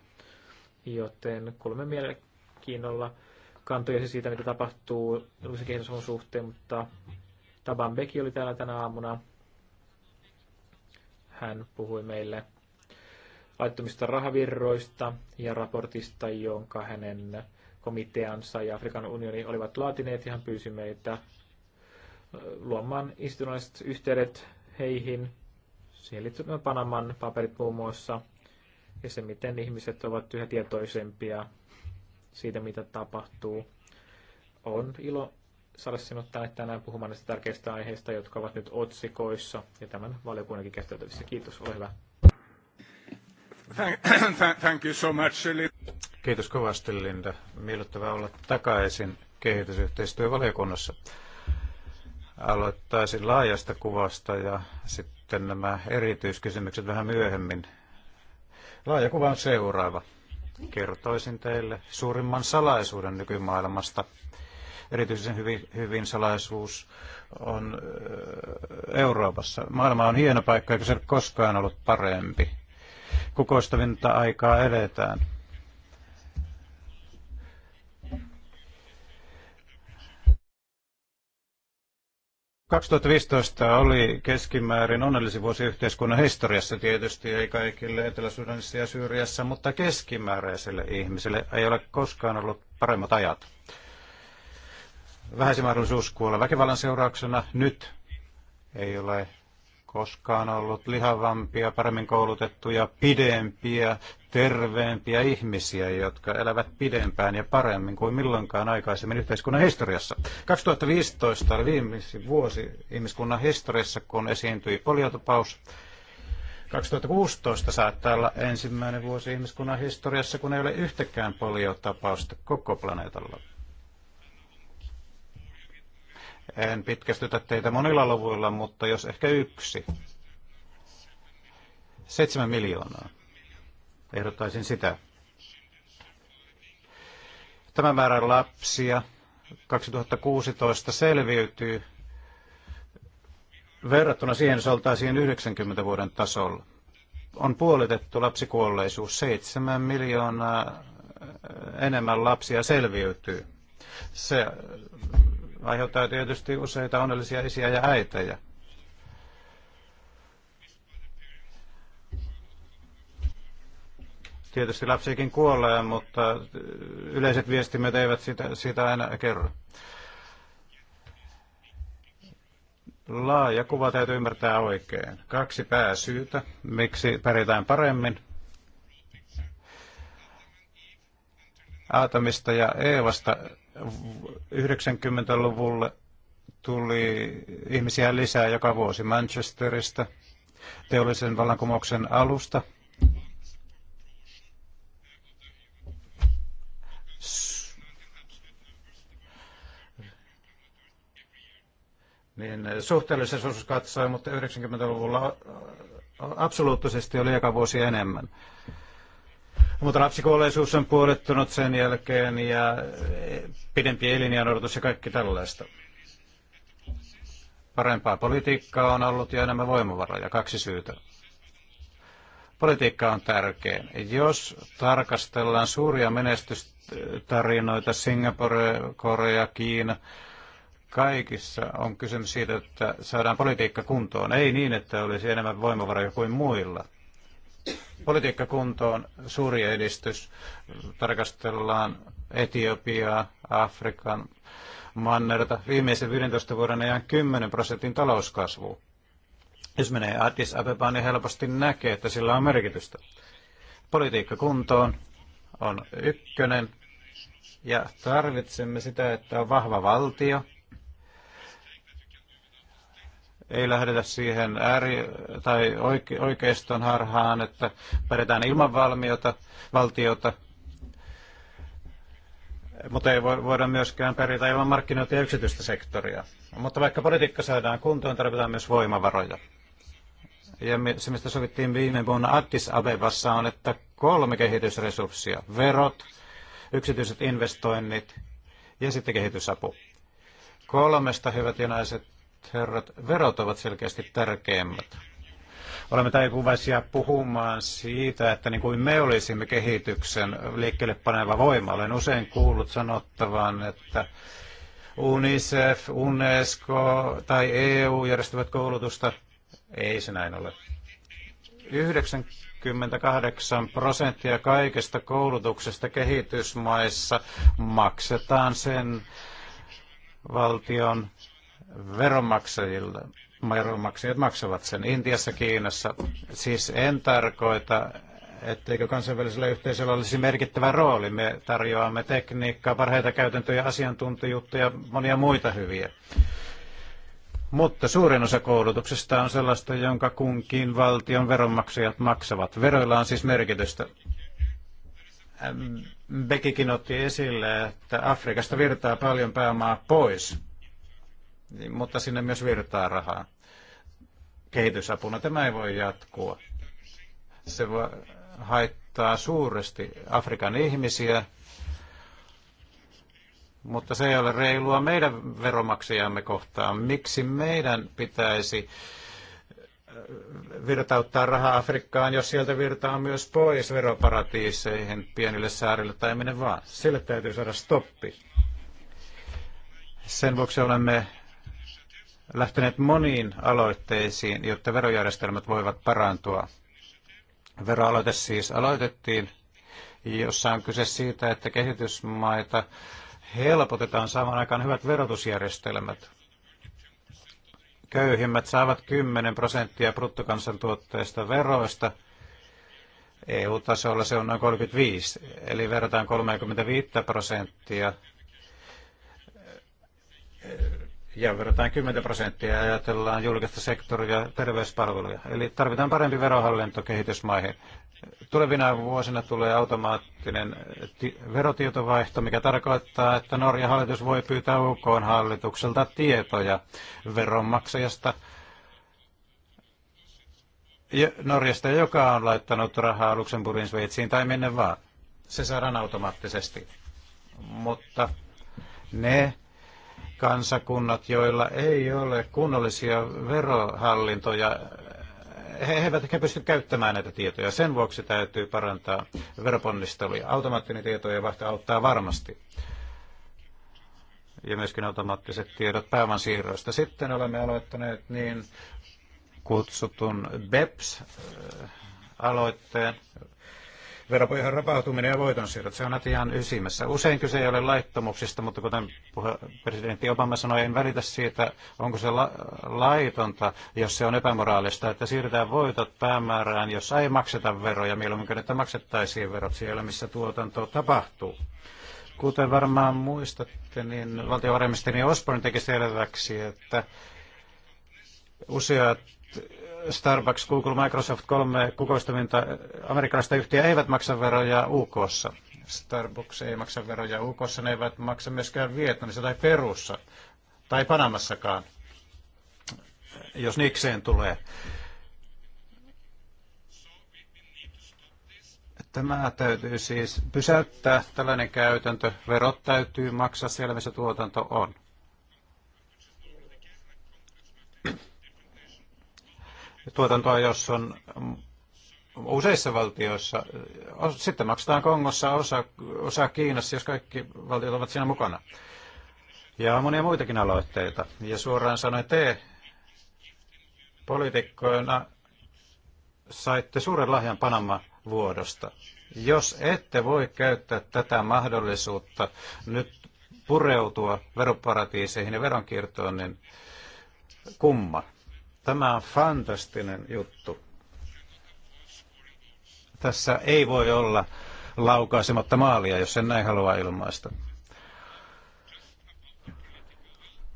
joten kolme mielenkiinnolla kantoja siis siitä, mitä tapahtuu julkisen kehitysavun suhteen, mutta Taban Beki oli täällä tänä aamuna. Hän puhui meille laittomista rahavirroista ja raportista, jonka hänen komiteansa ja Afrikan unioni olivat laatineet, ja hän pyysi meitä luomaan institutionaaliset yhteydet heihin. Siihen liittyy Panaman paperit muun muassa – ja se, miten ihmiset ovat yhä tietoisempia siitä, mitä tapahtuu. On ilo saada sinut tänne tänään puhumaan näistä tärkeistä aiheista, jotka ovat nyt otsikoissa ja tämän valiokunnankin käsiteltävissä. Kiitos, ole hyvä. Thank you so much, Kiitos kovasti, Linda. Miellyttävää olla takaisin kehitysyhteistyövaliokunnassa. Aloittaisin laajasta kuvasta ja sitten nämä erityiskysymykset vähän myöhemmin Laaja kuva on seuraava. Kertoisin teille suurimman salaisuuden nykymaailmasta. Erityisen hyvin, hyvin salaisuus on Euroopassa. Maailma on hieno paikka, eikä se koskaan ollut parempi. Kukoistavinta aikaa eletään 2015 oli keskimäärin onnellisin vuosi yhteiskunnan historiassa tietysti, ei kaikille Etelä-Sudanissa ja Syyriassa, mutta keskimääräiselle ihmiselle ei ole koskaan ollut paremmat ajat. Vähäisin mahdollisuus kuolla väkivallan seurauksena nyt ei ole koskaan ollut lihavampia, paremmin koulutettuja, pidempiä, terveempiä ihmisiä, jotka elävät pidempään ja paremmin kuin milloinkaan aikaisemmin yhteiskunnan historiassa. 2015 oli viimeisin vuosi ihmiskunnan historiassa, kun esiintyi poliotapaus. 2016 saattaa olla ensimmäinen vuosi ihmiskunnan historiassa, kun ei ole yhtäkään poliotapausta koko planeetalla. En pitkästytä teitä monilla luvuilla, mutta jos ehkä yksi. Seitsemän miljoonaa. Ehdottaisin sitä. Tämä määrä lapsia 2016 selviytyy verrattuna siihen, jos oltaisiin 90 vuoden tasolla. On puolitettu lapsikuolleisuus. 7 miljoonaa enemmän lapsia selviytyy. Se aiheuttaa tietysti useita onnellisia isiä ja äitejä. Tietysti lapsiakin kuolee, mutta yleiset viestimet eivät sitä, sitä aina kerro. Laaja kuva täytyy ymmärtää oikein. Kaksi pääsyytä, miksi pärjätään paremmin. Aatamista ja Eevasta 90-luvulle tuli ihmisiä lisää joka vuosi Manchesterista, teollisen vallankumouksen alusta. Niin, suhteellisuus katsoi, mutta 90-luvulla absoluuttisesti oli joka vuosi enemmän. Mutta lapsikuolleisuus on puolittunut sen jälkeen ja pidempi elinjään odotus ja kaikki tällaista. Parempaa politiikkaa on ollut ja enemmän voimavaroja. Kaksi syytä. Politiikka on tärkein. Jos tarkastellaan suuria menestystarinoita, Singapore, Korea, Kiina, kaikissa on kysymys siitä, että saadaan politiikka kuntoon. Ei niin, että olisi enemmän voimavaroja kuin muilla – politiikka kuntoon, suuri edistys. Tarkastellaan Etiopiaa, Afrikan mannerta. Viimeisen 15 vuoden ajan 10 prosentin talouskasvu. Jos menee Addis Abebaan, niin helposti näkee, että sillä on merkitystä. Politiikka kuntoon on ykkönen, ja tarvitsemme sitä, että on vahva valtio, ei lähdetä siihen ääri- tai oike- oikeiston harhaan, että pärjätään ilman valmiota, valtiota, mutta ei voida myöskään pärjätä ilman markkinoita ja yksityistä sektoria. Mutta vaikka politiikka saadaan kuntoon, tarvitaan myös voimavaroja. Ja se, mistä sovittiin viime vuonna Addis Abebassa, on, että kolme kehitysresurssia, verot, yksityiset investoinnit ja sitten kehitysapu. Kolmesta, hyvät ja naiset, herrat, verot ovat selkeästi tärkeimmät. Olemme taipuvaisia puhumaan siitä, että niin kuin me olisimme kehityksen liikkeelle paneva voima. Olen usein kuullut sanottavan, että UNICEF, UNESCO tai EU järjestävät koulutusta. Ei se näin ole. 98 prosenttia kaikesta koulutuksesta kehitysmaissa maksetaan sen valtion veronmaksajille, veronmaksajat maksavat sen Intiassa, Kiinassa. Siis en tarkoita, etteikö kansainvälisellä yhteisöllä olisi merkittävä rooli. Me tarjoamme tekniikkaa, parhaita käytäntöjä, asiantuntijuutta ja monia muita hyviä. Mutta suurin osa koulutuksesta on sellaista, jonka kunkin valtion veronmaksajat maksavat. Veroilla on siis merkitystä. Ähm, Bekikin otti esille, että Afrikasta virtaa paljon pääomaa pois mutta sinne myös virtaa rahaa kehitysapuna. Tämä ei voi jatkua. Se voi haittaa suuresti Afrikan ihmisiä, mutta se ei ole reilua meidän veromaksajamme kohtaan. Miksi meidän pitäisi äh, virtauttaa rahaa Afrikkaan, jos sieltä virtaa myös pois veroparatiiseihin, pienille saarille tai minne vaan. Sille täytyy saada stoppi. Sen vuoksi olemme lähteneet moniin aloitteisiin, jotta verojärjestelmät voivat parantua. Veroaloite siis aloitettiin, jossa on kyse siitä, että kehitysmaita helpotetaan saamaan aikaan hyvät verotusjärjestelmät. Köyhimmät saavat 10 prosenttia bruttokansantuotteesta veroista. EU-tasolla se on noin 35, eli verrataan 35 prosenttia ja verrataan 10 prosenttia ja ajatellaan julkista sektoria ja terveyspalveluja. Eli tarvitaan parempi verohallinto kehitysmaihin. Tulevina vuosina tulee automaattinen verotietovaihto, mikä tarkoittaa, että Norjan hallitus voi pyytää UK hallitukselta tietoja veronmaksajasta Norjasta, joka on laittanut rahaa Luxemburgin, Sveitsiin tai minne vaan. Se saadaan automaattisesti. Mutta ne kansakunnat, joilla ei ole kunnollisia verohallintoja, he eivät ehkä pysty käyttämään näitä tietoja. Sen vuoksi täytyy parantaa veroponnisteluja. Automaattinen tietojen vaihto auttaa varmasti. Ja myöskin automaattiset tiedot pääoman siirroista. Sitten olemme aloittaneet niin kutsutun BEPS-aloitteen veropohjan rapautuminen ja voitonsiirrot, se on ihan ysimessä. Usein kyse ei ole laittomuksista, mutta kuten presidentti Obama sanoi, en välitä siitä, onko se la- laitonta, jos se on epämoraalista, että siirretään voitot päämäärään, jos ei makseta veroja, mieluummin kuin että maksettaisiin verot siellä, missä tuotanto tapahtuu. Kuten varmaan muistatte, niin valtiovarainministeri Osborne teki selväksi, että useat Starbucks, Google, Microsoft, kolme kukoistavinta amerikkalaista yhtiöä eivät maksa veroja UKssa. Starbucks ei maksa veroja UKssa, ne eivät maksa myöskään Vietnamissa tai Perussa tai Panamassakaan, jos nikseen tulee. Tämä täytyy siis pysäyttää tällainen käytäntö. Verot täytyy maksaa siellä, missä tuotanto on. tuotantoa, jos on useissa valtioissa. Sitten maksetaan Kongossa osa, osa Kiinassa, jos kaikki valtiot ovat siinä mukana. Ja on monia muitakin aloitteita. Ja suoraan sanoen te poliitikkoina saitte suuren lahjan Panama-vuodosta. Jos ette voi käyttää tätä mahdollisuutta nyt pureutua veroparatiiseihin ja veronkiertoon, niin kumma. Tämä on fantastinen juttu. Tässä ei voi olla laukaisematta maalia, jos sen näin haluaa ilmaista.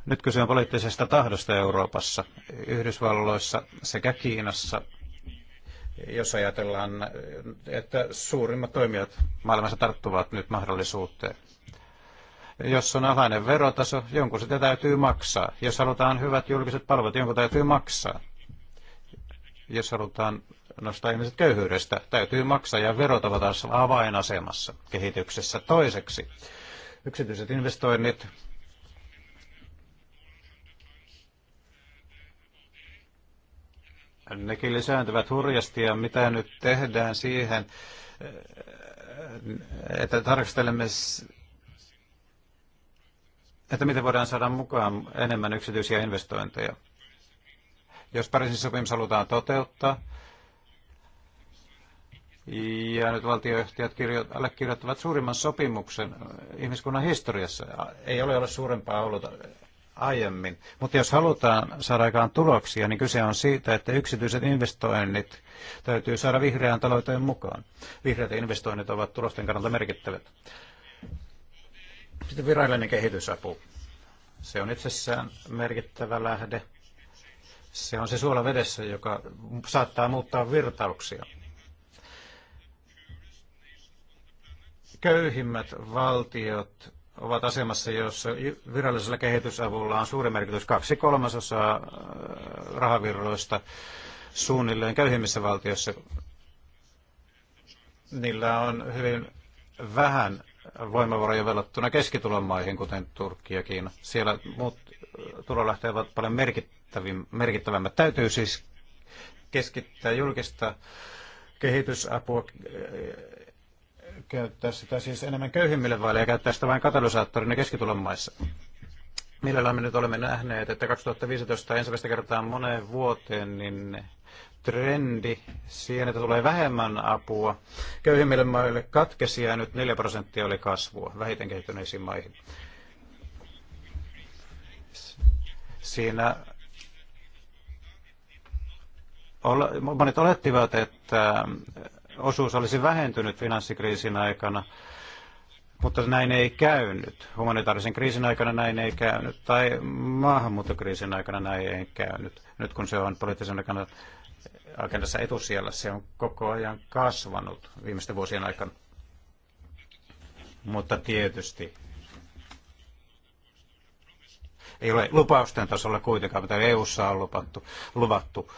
Nyt kyse on poliittisesta tahdosta Euroopassa, Yhdysvalloissa sekä Kiinassa, jos ajatellaan, että suurimmat toimijat maailmassa tarttuvat nyt mahdollisuuteen. Jos on alhainen verotaso, jonkun sitä täytyy maksaa. Jos halutaan hyvät julkiset palvelut, jonkun täytyy maksaa. Jos halutaan nostaa ihmiset köyhyydestä, täytyy maksaa ja verot ovat taas avainasemassa kehityksessä. Toiseksi yksityiset investoinnit nekin lisääntyvät hurjasti ja mitä nyt tehdään siihen, että tarkastelemme että miten voidaan saada mukaan enemmän yksityisiä investointeja. Jos Pariisin sopimus halutaan toteuttaa, ja nyt valtioyhtiöt kirjo- allekirjoittavat suurimman sopimuksen ihmiskunnan historiassa. Ei ole ollut suurempaa ollut aiemmin. Mutta jos halutaan saada aikaan tuloksia, niin kyse on siitä, että yksityiset investoinnit täytyy saada vihreään talouteen mukaan. Vihreät investoinnit ovat tulosten kannalta merkittävät. Sitten virallinen kehitysapu. Se on itsessään merkittävä lähde. Se on se suola vedessä, joka saattaa muuttaa virtauksia. Köyhimmät valtiot ovat asemassa, jossa virallisella kehitysavulla on suuri merkitys. Kaksi kolmasosaa äh, rahavirroista suunnilleen köyhimmissä valtioissa. Niillä on hyvin vähän voimavaroja verrattuna keskitulon maihin, kuten Turkki ja Kiina. Siellä muut tulolähteet ovat paljon merkittävämmät. Täytyy siis keskittää julkista kehitysapua, eh, käyttää sitä siis enemmän köyhimmille vaille ja käyttää sitä vain katalysaattorina keskitulon maissa. Millä me nyt olemme nähneet, että 2015 ensimmäistä kertaa moneen vuoteen, niin trendi siihen, että tulee vähemmän apua. Köyhimmille maille katkesi ja nyt 4 prosenttia oli kasvua vähiten kehittyneisiin maihin. Siinä monet olettivat, että osuus olisi vähentynyt finanssikriisin aikana, mutta näin ei käynyt. Humanitaarisen kriisin aikana näin ei käynyt, tai maahanmuuttokriisin aikana näin ei käynyt, nyt kun se on poliittisen aikana agendassa etusijalla. Se on koko ajan kasvanut viimeisten vuosien aikana. Mutta tietysti ei ole lupausten tasolla kuitenkaan, mitä EU:ssa on lupattu, luvattu.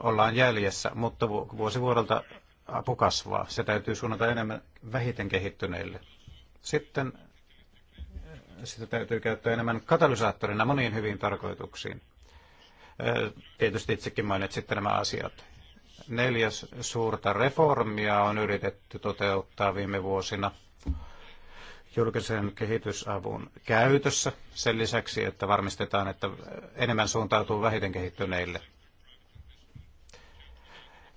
Ollaan jäljessä, mutta vuodelta apu kasvaa. Se täytyy suunnata enemmän vähiten kehittyneille. Sitten eh, sitä täytyy käyttää enemmän katalysaattorina moniin hyviin tarkoituksiin. Tietysti itsekin mainitsitte nämä asiat. Neljäs suurta reformia on yritetty toteuttaa viime vuosina julkisen kehitysavun käytössä sen lisäksi, että varmistetaan, että enemmän suuntautuu vähiten kehittyneille.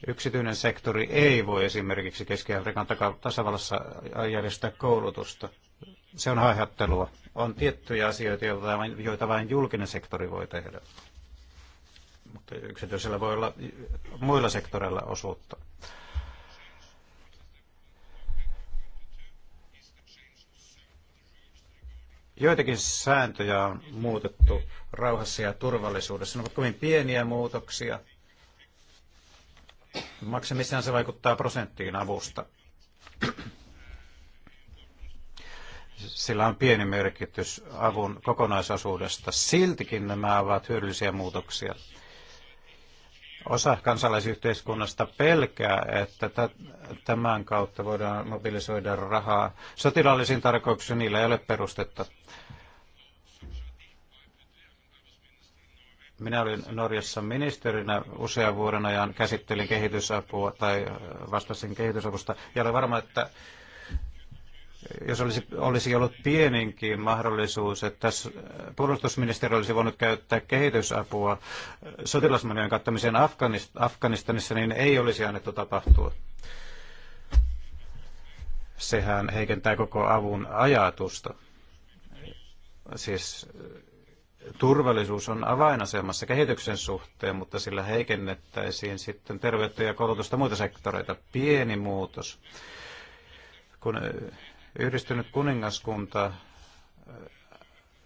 Yksityinen sektori ei voi esimerkiksi Keski-Afrikan tasavallassa järjestää koulutusta. Se on haihattelua. On tiettyjä asioita, joita vain julkinen sektori voi tehdä mutta yksityisellä voi olla muilla sektoreilla osuutta. Joitakin sääntöjä on muutettu rauhassa ja turvallisuudessa. Ne ovat kovin pieniä muutoksia. Maksimissaan se vaikuttaa prosenttiin avusta. Sillä on pieni merkitys avun kokonaisosuudesta. Siltikin nämä ovat hyödyllisiä muutoksia. Osa kansalaisyhteiskunnasta pelkää, että tämän kautta voidaan mobilisoida rahaa sotilaallisiin tarkoituksiin, niillä ei ole perustetta. Minä olin Norjassa ministerinä usean vuoden ajan, käsittelin kehitysapua tai vastasin kehitysavusta ja olen varma, että jos olisi, olisi ollut pieninkin mahdollisuus, että äh, puolustusministeri olisi voinut käyttää kehitysapua sotilasmenojen kattamiseen Afganist- Afganistanissa, niin ei olisi annettu tapahtua. Sehän heikentää koko avun ajatusta. Siis äh, turvallisuus on avainasemassa kehityksen suhteen, mutta sillä heikennettäisiin sitten terveyttä ja koulutusta muita sektoreita. Pieni muutos kun äh, Yhdistynyt kuningaskunta äh,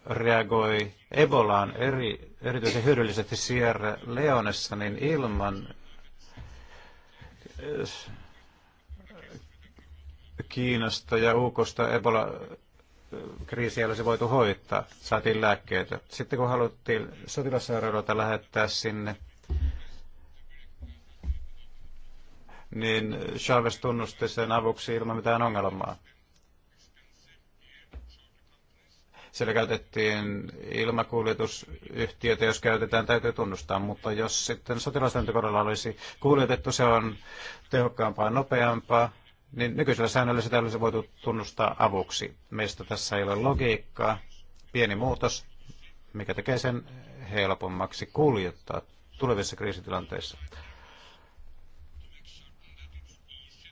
reagoi Ebolaan eri, erityisen hyödyllisesti Sierra Leonessa, niin ilman äh, Kiinasta ja UKosta Ebola kriisiä olisi voitu hoitaa. Saatiin lääkkeitä. Sitten kun haluttiin sotilassairaaloita lähettää sinne, niin Chavez tunnusti sen avuksi ilman mitään ongelmaa. Siellä käytettiin ilmakuljetusyhtiötä, jos käytetään, täytyy tunnustaa, mutta jos sitten sotilaslentokoneella olisi kuljetettu, se on tehokkaampaa, nopeampaa, niin nykyisellä säännöllä sitä olisi voitu tunnustaa avuksi. Meistä tässä ei ole logiikkaa. Pieni muutos, mikä tekee sen helpommaksi kuljettaa tulevissa kriisitilanteissa.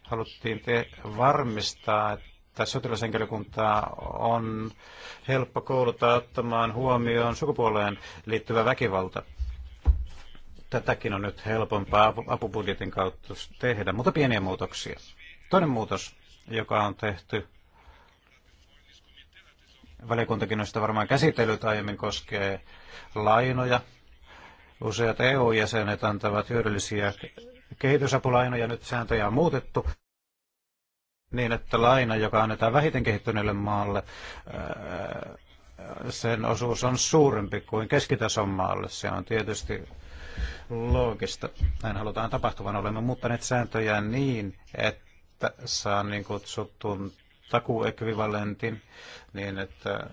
Haluttiin te varmistaa, että että sotilashenkilökuntaa on helppo kouluttaa ottamaan huomioon sukupuoleen liittyvä väkivalta. Tätäkin on nyt helpompaa apubudjetin kautta tehdä, mutta pieniä muutoksia. Toinen muutos, joka on tehty, valiokuntakin on sitä varmaan käsitellyt aiemmin, koskee lainoja. Useat EU-jäsenet antavat hyödyllisiä kehitysapulainoja, nyt sääntöjä on muutettu niin, että laina, joka annetaan vähiten kehittyneelle maalle, sen osuus on suurempi kuin keskitason maalle. Se on tietysti loogista. Näin halutaan tapahtuvan. Olemme muuttaneet sääntöjä niin, että saa niin kutsutun takuekvivalentin, niin että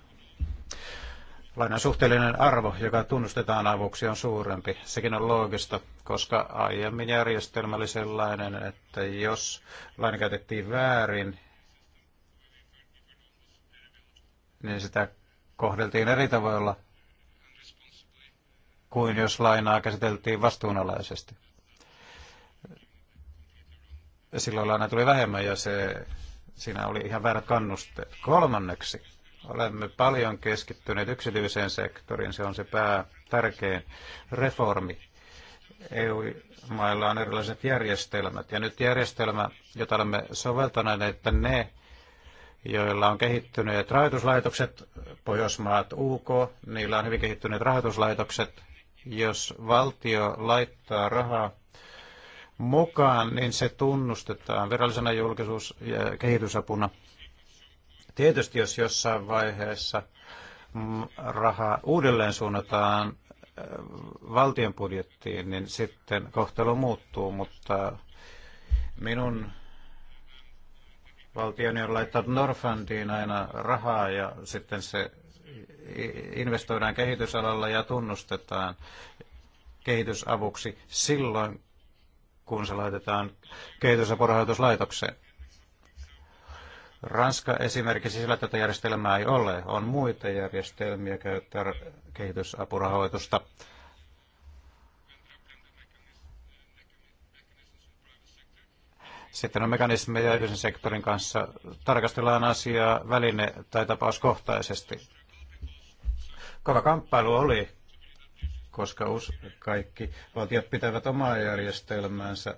lainan suhteellinen arvo, joka tunnustetaan avuksi, on suurempi. Sekin on loogista, koska aiemmin järjestelmä oli sellainen, että jos laina käytettiin väärin, niin sitä kohdeltiin eri tavoilla kuin jos lainaa käsiteltiin vastuunalaisesti. Silloin laina tuli vähemmän ja se, siinä oli ihan väärät kannusteet. Kolmanneksi, Olemme paljon keskittyneet yksityiseen sektoriin, se on se pää tärkein reformi. EU-mailla on erilaiset järjestelmät, ja nyt järjestelmä, jota olemme soveltaneet, että ne, joilla on kehittyneet rahoituslaitokset, Pohjoismaat, UK, niillä on hyvin kehittyneet rahoituslaitokset, jos valtio laittaa rahaa mukaan, niin se tunnustetaan virallisena julkisuus- ja kehitysapuna – Tietysti jos jossain vaiheessa mm, rahaa uudelleen suunnataan äh, valtion budjettiin, niin sitten kohtelu muuttuu, mutta minun valtioni on laittanut Norfandiin aina rahaa ja sitten se investoidaan kehitysalalla ja tunnustetaan kehitysavuksi silloin, kun se laitetaan kehitysapurahoituslaitokseen. Ranska esimerkiksi sillä tätä järjestelmää ei ole. On muita järjestelmiä käyttää kehitysapurahoitusta. Sitten on mekanismeja yhden sektorin kanssa. Tarkastellaan asiaa väline- tai tapauskohtaisesti. Kova kamppailu oli, koska kaikki valtiot pitävät omaa järjestelmäänsä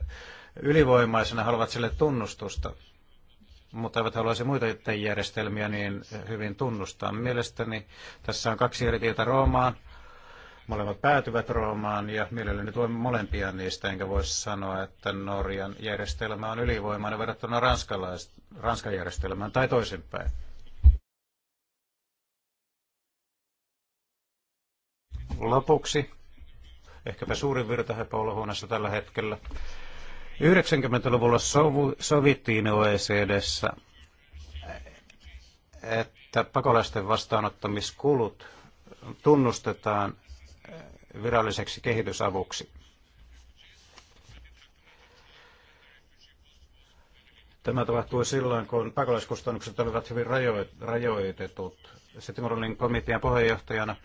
ylivoimaisena, haluavat sille tunnustusta mutta eivät haluaisi muita järjestelmiä niin hyvin tunnustaa. Mielestäni tässä on kaksi eri tietä Roomaan. Molemmat päätyvät Roomaan ja mielelläni tuen molempia niistä, enkä voisi sanoa, että Norjan järjestelmä on ylivoimainen verrattuna Ranskan järjestelmään tai toisinpäin. Lopuksi ehkäpä suurin virtahe tällä hetkellä 90-luvulla sovittiin OECDssä, että pakolaisten vastaanottamiskulut tunnustetaan viralliseksi kehitysavuksi. Tämä tapahtui silloin, kun pakolaiskustannukset olivat hyvin rajoitetut. Sitten kun olin komitean puheenjohtajana,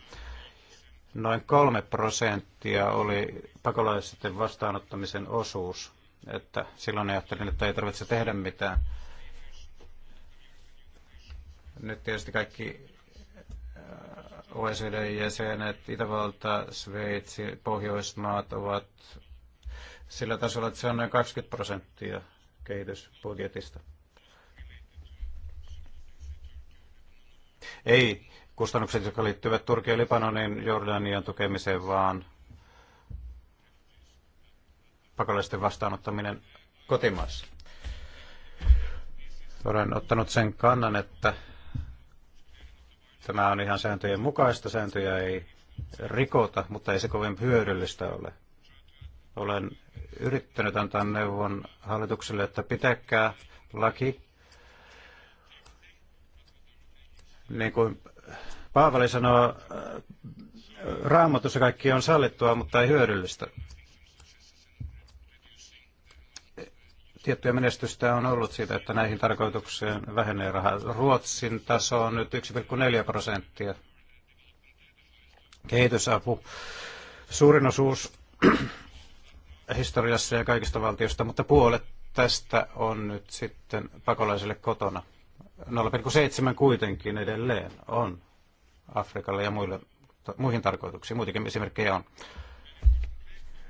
noin kolme prosenttia oli pakolaisten vastaanottamisen osuus että silloin ajattelin, että ei tarvitse tehdä mitään. Nyt tietysti kaikki äh, OECD-jäsenet, Itävalta, Sveitsi, Pohjoismaat ovat sillä tasolla, että se on noin 20 prosenttia kehitysbudjetista. Ei kustannukset, jotka liittyvät Turkin ja Libanonin Jordanian tukemiseen, vaan pakolaisten vastaanottaminen kotimaassa. Olen ottanut sen kannan, että tämä on ihan sääntöjen mukaista, sääntöjä ei rikota, mutta ei se kovin hyödyllistä ole. Olen yrittänyt antaa neuvon hallitukselle, että pitäkää laki niin kuin Paavali sanoo, äh, raamatussa kaikki on sallittua, mutta ei hyödyllistä. tiettyä menestystä on ollut siitä, että näihin tarkoituksiin vähenee rahaa. Ruotsin taso on nyt 1,4 prosenttia. Kehitysapu. Suurin osuus historiassa ja kaikista valtiosta, mutta puolet tästä on nyt sitten pakolaisille kotona. 0,7 kuitenkin edelleen on Afrikalle ja muille, muihin tarkoituksiin. Muitakin esimerkkejä on.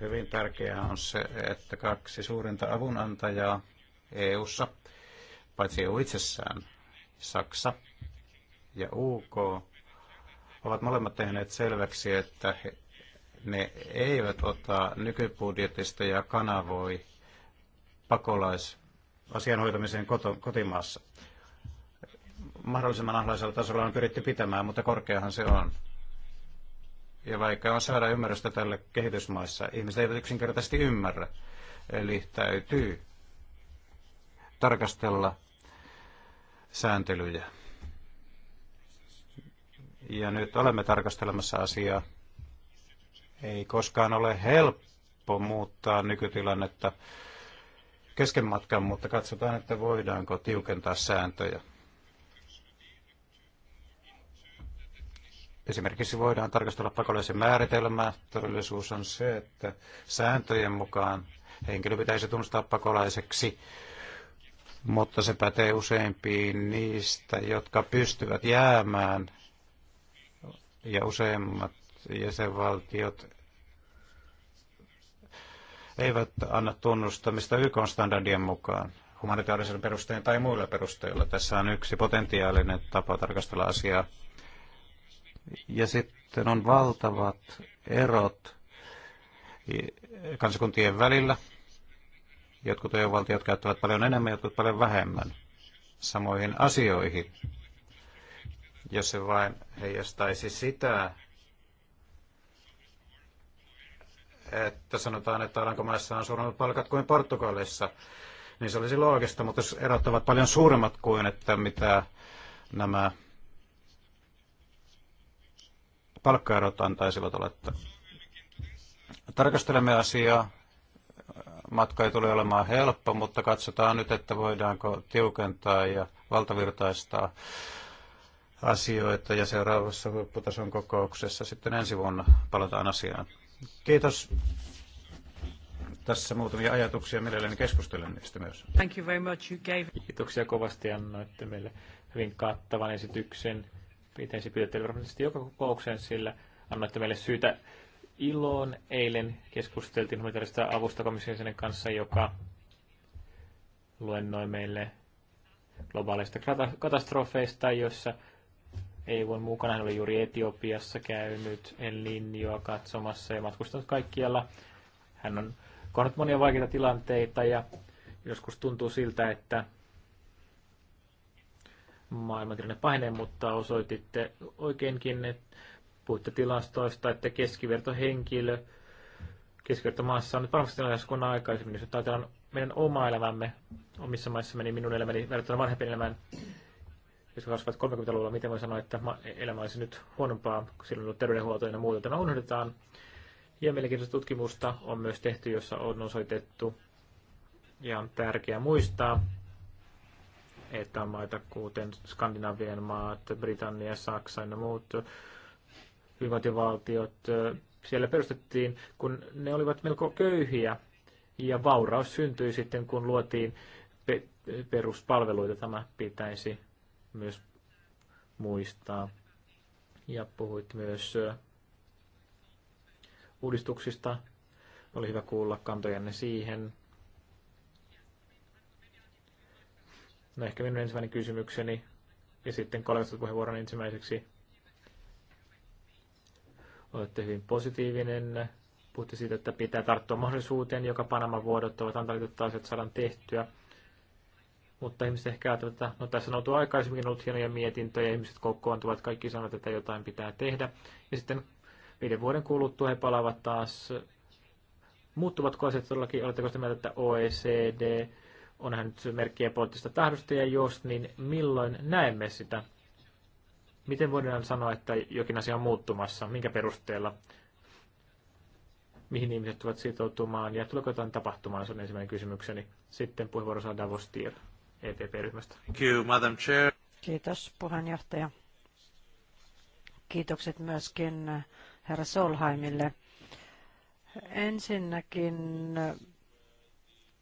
Hyvin tärkeää on se, että kaksi suurinta avunantajaa EU:ssa, paitsi EU itsessään, Saksa ja UK, ovat molemmat tehneet selväksi, että ne eivät ota nykybudjetista ja kanavoi pakolaisasian hoitamiseen kotimaassa. Mahdollisimman alhaisella tasolla on pyritty pitämään, mutta korkeahan se on ja vaikea on saada ymmärrystä tälle kehitysmaissa. Ihmiset eivät yksinkertaisesti ymmärrä. Eli täytyy tarkastella sääntelyjä. Ja nyt olemme tarkastelemassa asiaa. Ei koskaan ole helppo muuttaa nykytilannetta kesken matkan, mutta katsotaan, että voidaanko tiukentaa sääntöjä. Esimerkiksi voidaan tarkastella pakolaisen määritelmää. Todellisuus on se, että sääntöjen mukaan henkilö pitäisi tunnustaa pakolaiseksi, mutta se pätee useimpiin niistä, jotka pystyvät jäämään ja useimmat jäsenvaltiot eivät anna tunnustamista YK-standardien mukaan humanitaarisen perusteen tai muilla perusteilla. Tässä on yksi potentiaalinen tapa tarkastella asiaa ja sitten on valtavat erot kansakuntien välillä. Jotkut EU-valtiot käyttävät paljon enemmän, jotkut paljon vähemmän samoihin asioihin. Jos se vain heijastaisi sitä, että sanotaan, että Alankomaissa on suuremmat palkat kuin Portugalissa, niin se olisi loogista, mutta jos erot ovat paljon suuremmat kuin että mitä nämä palkkaerot antaisivat oletta. Tarkastelemme asiaa. Matka ei tule olemaan helppo, mutta katsotaan nyt, että voidaanko tiukentaa ja valtavirtaistaa asioita ja seuraavassa huipputason kokouksessa sitten ensi vuonna palataan asiaan. Kiitos. Tässä muutamia ajatuksia, mielelläni keskustelen niistä myös. Thank you very much. You gave... Kiitoksia kovasti annoitte meille hyvin kattavan esityksen pitäisi pyytää varmasti joka kokoukseen, sillä annoitte meille syytä iloon. Eilen keskusteltiin humanitaarista avusta komission kanssa, joka luennoi meille globaaleista katastrofeista, joissa ei voi mukana. Hän oli juuri Etiopiassa käynyt en linjoa katsomassa ja matkustanut kaikkialla. Hän on kohdannut monia vaikeita tilanteita ja joskus tuntuu siltä, että maailmantilanne pahenee, mutta osoititte oikeinkin, että puhutte tilastoista, että keskivertohenkilö maassa on nyt varmasti tilanteessa kuin aikaisemmin. Jos ajatellaan meidän oma elämämme, omissa maissa meni minun elämäni verrattuna vanhempien elämään, jos kasvat 30-luvulla, miten voi sanoa, että elämä olisi nyt huonompaa, kun silloin on terveydenhuolto ja muuta. Tämä unohdetaan. Ja mielenkiintoista tutkimusta on myös tehty, jossa on osoitettu ja on tärkeää muistaa, etämaita, kuten Skandinavien maat, Britannia, Saksa ja muut hyvinvointivaltiot, siellä perustettiin, kun ne olivat melko köyhiä ja vauraus syntyi sitten, kun luotiin pe- peruspalveluita. Tämä pitäisi myös muistaa. Ja puhuit myös uudistuksista. Oli hyvä kuulla kantojanne siihen. No ehkä minun ensimmäinen kysymykseni ja sitten kollegat puheenvuoron ensimmäiseksi. Olette hyvin positiivinen. Puhutte siitä, että pitää tarttua mahdollisuuteen, joka Panama vuodot ovat antaneet, että asiat saadaan tehtyä. Mutta ihmiset ehkä ajattelevat, että no tässä on ollut aikaisemminkin ollut hienoja mietintöjä, ihmiset kokoontuvat, kaikki sanovat, että jotain pitää tehdä. Ja sitten viiden vuoden kuluttua he palaavat taas. Muuttuvatko asiat todellakin? Oletteko sitä mieltä, että OECD on hän nyt merkkiä poliittista tahdosta, ja jos, niin milloin näemme sitä? Miten voidaan sanoa, että jokin asia on muuttumassa? Minkä perusteella? Mihin ihmiset tulevat sitoutumaan? Ja tuleeko jotain tapahtumaan? Se on ensimmäinen kysymykseni. Sitten puheenvuoro saa Davos Tier EPP-ryhmästä. Thank you, Madam Chair. Kiitos, puheenjohtaja. Kiitokset myöskin herra Solheimille. Ensinnäkin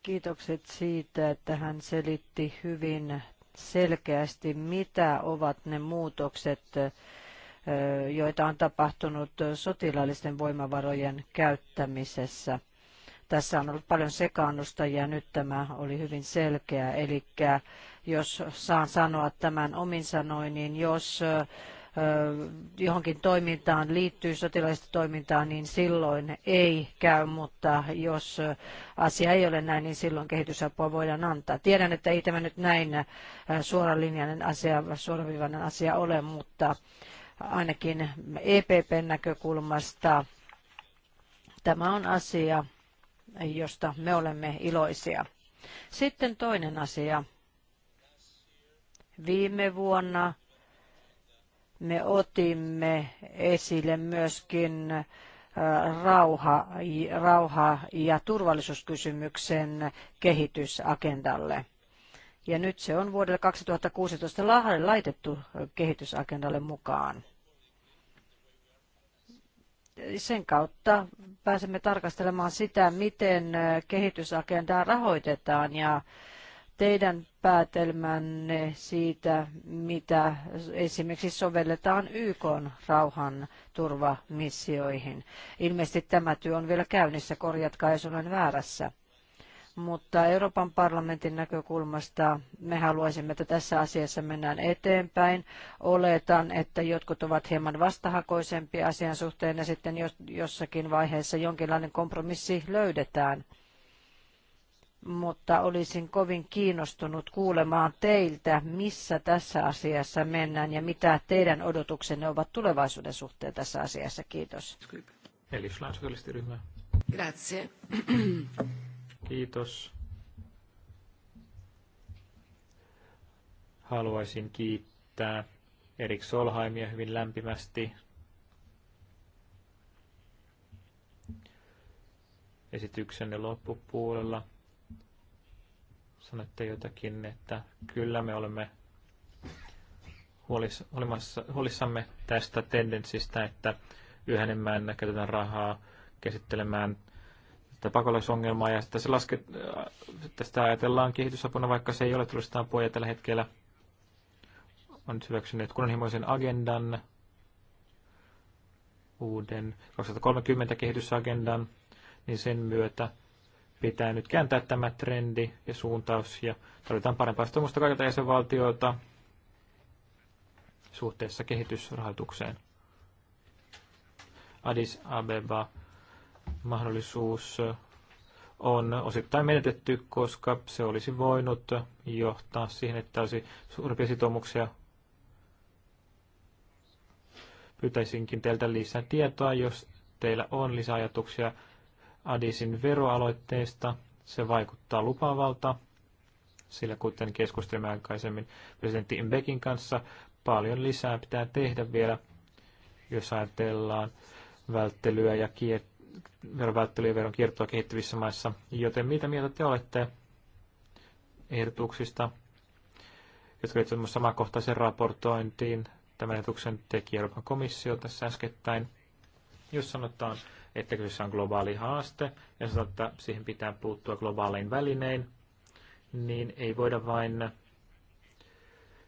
Kiitokset siitä, että hän selitti hyvin selkeästi, mitä ovat ne muutokset, joita on tapahtunut sotilaallisten voimavarojen käyttämisessä. Tässä on ollut paljon sekaannusta ja nyt tämä oli hyvin selkeä. Eli jos saan sanoa tämän omin sanoin, niin jos johonkin toimintaan liittyy, sotilaista toimintaa, niin silloin ei käy, mutta jos asia ei ole näin, niin silloin kehitysapua voidaan antaa. Tiedän, että ei tämä nyt näin suoralinjainen asia, suoraviivainen asia ole, mutta ainakin EPPn näkökulmasta tämä on asia, josta me olemme iloisia. Sitten toinen asia. Viime vuonna me otimme esille myöskin äh, rauha, rauha ja turvallisuuskysymyksen kehitysagendalle. Ja nyt se on vuodelle 2016 laitettu kehitysagendalle mukaan. Sen kautta pääsemme tarkastelemaan sitä, miten kehitysagendaa rahoitetaan ja teidän päätelmänne siitä, mitä esimerkiksi sovelletaan YK rauhan turvamissioihin. Ilmeisesti tämä työ on vielä käynnissä, korjatkaa jos olen väärässä. Mutta Euroopan parlamentin näkökulmasta me haluaisimme, että tässä asiassa mennään eteenpäin. Oletan, että jotkut ovat hieman vastahakoisempia asian suhteen ja sitten jossakin vaiheessa jonkinlainen kompromissi löydetään – mutta olisin kovin kiinnostunut kuulemaan teiltä, missä tässä asiassa mennään ja mitä teidän odotuksenne ovat tulevaisuuden suhteen tässä asiassa. Kiitos. Eli Flanskalistiryhmä. Grazie. Kiitos. Haluaisin kiittää Erik Solheimia hyvin lämpimästi esityksenne loppupuolella sanoitte jotakin, että kyllä me olemme huolis, olemassa, huolissamme tästä tendenssistä, että yhä enemmän käytetään rahaa käsittelemään tätä pakolaisongelmaa ja sitä, se lasket, tästä ajatellaan kehitysapuna, vaikka se ei ole tulostaan puolia tällä hetkellä. On nyt hyväksynyt kunnianhimoisen agendan, uuden 2030 kehitysagendan, niin sen myötä pitää nyt kääntää tämä trendi ja suuntaus ja tarvitaan parempaa sitoumusta kaikilta jäsenvaltioilta suhteessa kehitysrahoitukseen. Addis Abeba mahdollisuus on osittain menetetty, koska se olisi voinut johtaa siihen, että olisi suurempia sitoumuksia. Pyytäisinkin teiltä lisää tietoa, jos teillä on lisäajatuksia Adisin veroaloitteesta. Se vaikuttaa lupaavalta, sillä kuten keskustelimme aikaisemmin presidentti Imbekin kanssa, paljon lisää pitää tehdä vielä, jos ajatellaan välttelyä ja kier- verovälttelyä ja veron kiertoa kehittyvissä maissa. Joten mitä mieltä te olette ehdotuksista, jotka liittyvät samankohtaisen raportointiin, tämän ehdotuksen teki Euroopan komissio tässä äskettäin, jos sanotaan, että kyseessä on globaali haaste ja sanotaan, että siihen pitää puuttua globaalein välinein, niin ei voida vain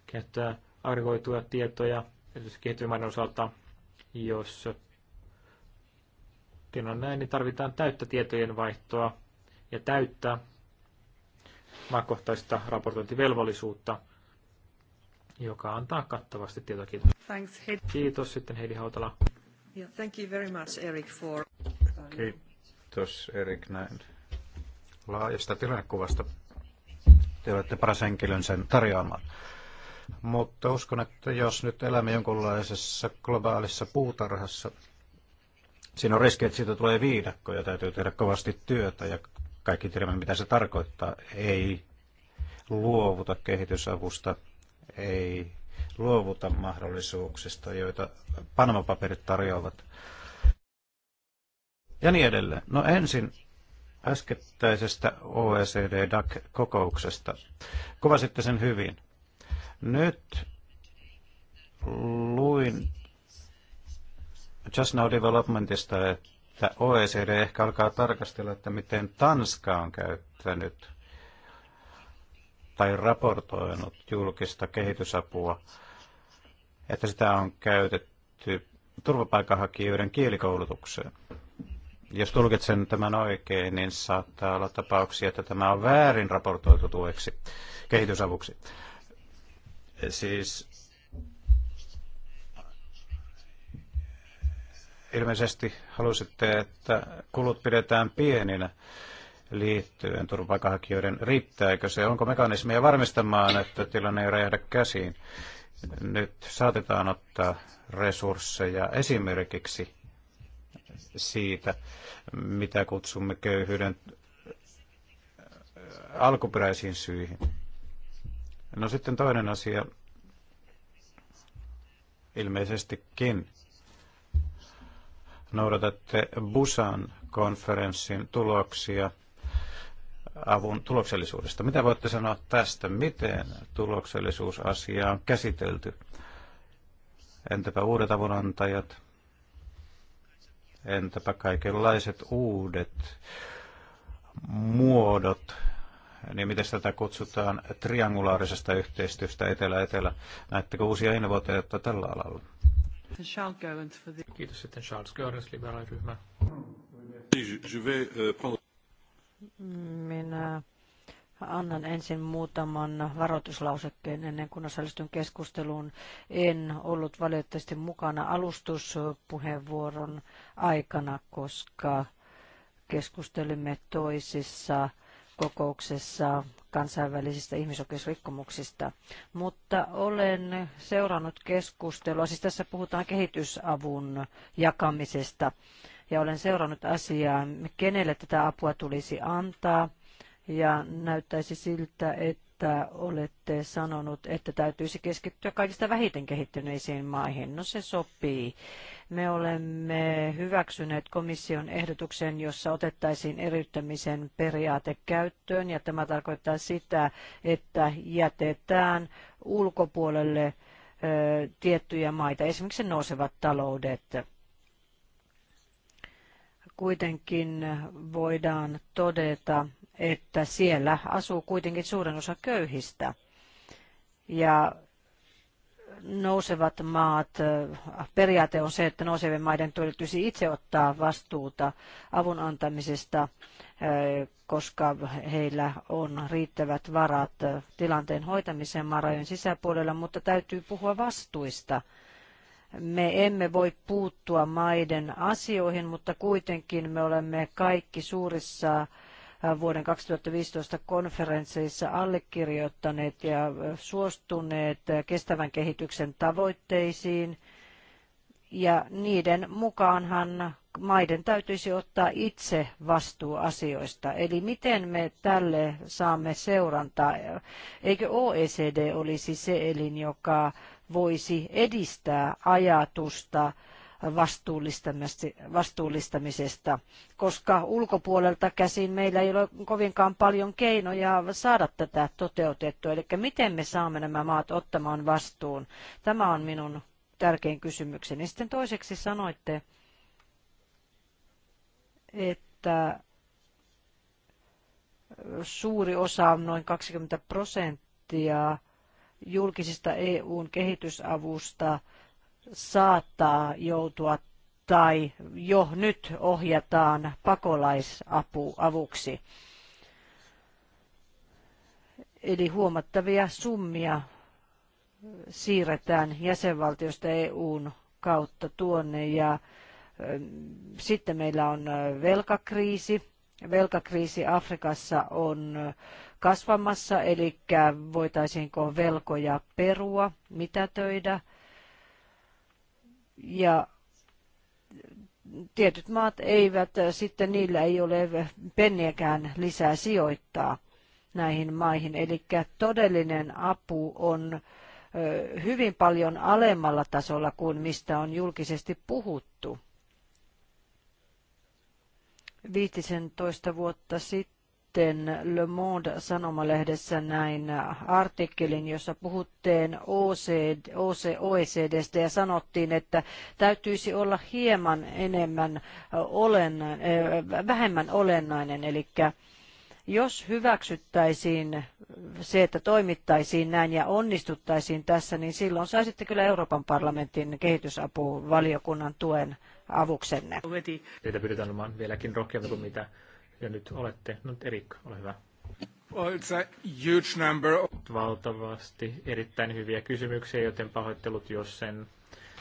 käyttää argoituja tietoja esimerkiksi kehittyvien osalta, jos tilanne on näin, niin tarvitaan täyttä tietojen vaihtoa ja täyttä maakohtaista raportointivelvollisuutta, joka antaa kattavasti tietoa. Kiitos. Kiitos sitten Heidi Hautala. Yeah, thank you very much, Eric, for... Kiitos Erik näin laajasta tilannekuvasta. Te olette paras henkilön sen tarjoamaan. Mutta uskon, että jos nyt elämme jonkunlaisessa globaalissa puutarhassa, siinä on riski, että siitä tulee viidakko ja täytyy tehdä kovasti työtä ja kaikki tiedämme, mitä se tarkoittaa. Ei luovuta kehitysavusta, ei luovuta mahdollisuuksista, joita Panama-paperit tarjoavat. Ja niin edelleen. No ensin äskettäisestä OECD-DAC-kokouksesta. Kuvasitte sen hyvin. Nyt luin Just Now Developmentista, että OECD ehkä alkaa tarkastella, että miten Tanska on käyttänyt tai raportoinut julkista kehitysapua, että sitä on käytetty turvapaikanhakijoiden kielikoulutukseen. Jos tulkitsen tämän oikein, niin saattaa olla tapauksia, että tämä on väärin raportoitu tueksi kehitysavuksi. Siis ilmeisesti halusitte, että kulut pidetään pieninä liittyen turvapaikanhakijoiden riittääkö se, onko mekanismia varmistamaan, että tilanne ei räjähdä käsiin. Nyt saatetaan ottaa resursseja esimerkiksi siitä, mitä kutsumme köyhyyden äh, alkuperäisiin syihin. No sitten toinen asia, ilmeisestikin noudatatte Busan konferenssin tuloksia – avun tuloksellisuudesta. Mitä voitte sanoa tästä? Miten tuloksellisuusasia on käsitelty? Entäpä uudet avunantajat? Entäpä kaikenlaiset uudet muodot? Niin miten tätä kutsutaan triangulaarisesta yhteistyöstä etelä-etelä? Näettekö uusia innovaatioita tällä alalla? Kiitos sitten Charles Görres, liberaaliryhmä. Je vais euh, prendre minä annan ensin muutaman varoituslausekkeen ennen kuin osallistun keskusteluun. En ollut valitettavasti mukana alustuspuheenvuoron aikana, koska keskustelimme toisissa kokouksessa kansainvälisistä ihmisoikeusrikkomuksista. Mutta olen seurannut keskustelua, siis tässä puhutaan kehitysavun jakamisesta ja olen seurannut asiaa, kenelle tätä apua tulisi antaa ja näyttäisi siltä, että olette sanonut, että täytyisi keskittyä kaikista vähiten kehittyneisiin maihin. No se sopii. Me olemme hyväksyneet komission ehdotuksen, jossa otettaisiin eriyttämisen periaate käyttöön, ja tämä tarkoittaa sitä, että jätetään ulkopuolelle ö, tiettyjä maita, esimerkiksi nousevat taloudet kuitenkin voidaan todeta, että siellä asuu kuitenkin suurin osa köyhistä. Ja nousevat maat, periaate on se, että nousevien maiden tulisi itse ottaa vastuuta avun antamisesta, koska heillä on riittävät varat tilanteen hoitamiseen maan rajojen sisäpuolella, mutta täytyy puhua vastuista – me emme voi puuttua maiden asioihin, mutta kuitenkin me olemme kaikki suurissa äh, vuoden 2015 konferensseissa allekirjoittaneet ja äh, suostuneet äh, kestävän kehityksen tavoitteisiin. Ja niiden mukaanhan maiden täytyisi ottaa itse vastuu asioista. Eli miten me tälle saamme seurantaa? Eikö OECD olisi se elin, joka voisi edistää ajatusta vastuullistamisesta, koska ulkopuolelta käsin meillä ei ole kovinkaan paljon keinoja saada tätä toteutettua. Eli miten me saamme nämä maat ottamaan vastuun? Tämä on minun tärkein kysymykseni. Sitten toiseksi sanoitte, että suuri osa, noin 20 prosenttia, julkisesta EUn kehitysavusta saattaa joutua tai jo nyt ohjataan pakolaisavuksi. Eli huomattavia summia siirretään jäsenvaltiosta EUn kautta tuonne ja sitten meillä on velkakriisi, velkakriisi Afrikassa on kasvamassa, eli voitaisiinko velkoja perua, mitätöidä. Ja tietyt maat eivät, äh, sitten niillä ei ole penniäkään lisää sijoittaa näihin maihin. Eli todellinen apu on äh, hyvin paljon alemmalla tasolla kuin mistä on julkisesti puhuttu. 15 vuotta sitten Le Monde-sanomalehdessä näin artikkelin, jossa puhuttiin OECDstä ja sanottiin, että täytyisi olla hieman enemmän olennainen, eh, vähemmän olennainen, eli jos hyväksyttäisiin se, että toimittaisiin näin ja onnistuttaisiin tässä, niin silloin saisitte kyllä Euroopan parlamentin kehitysapuvaliokunnan tuen avuksenne. Teitä pyritään olemaan vieläkin rohkeampi kuin mitä nyt olette. No Erikka, ole hyvä. Well, it's a huge number. Valtavasti erittäin hyviä kysymyksiä, joten pahoittelut, jos sen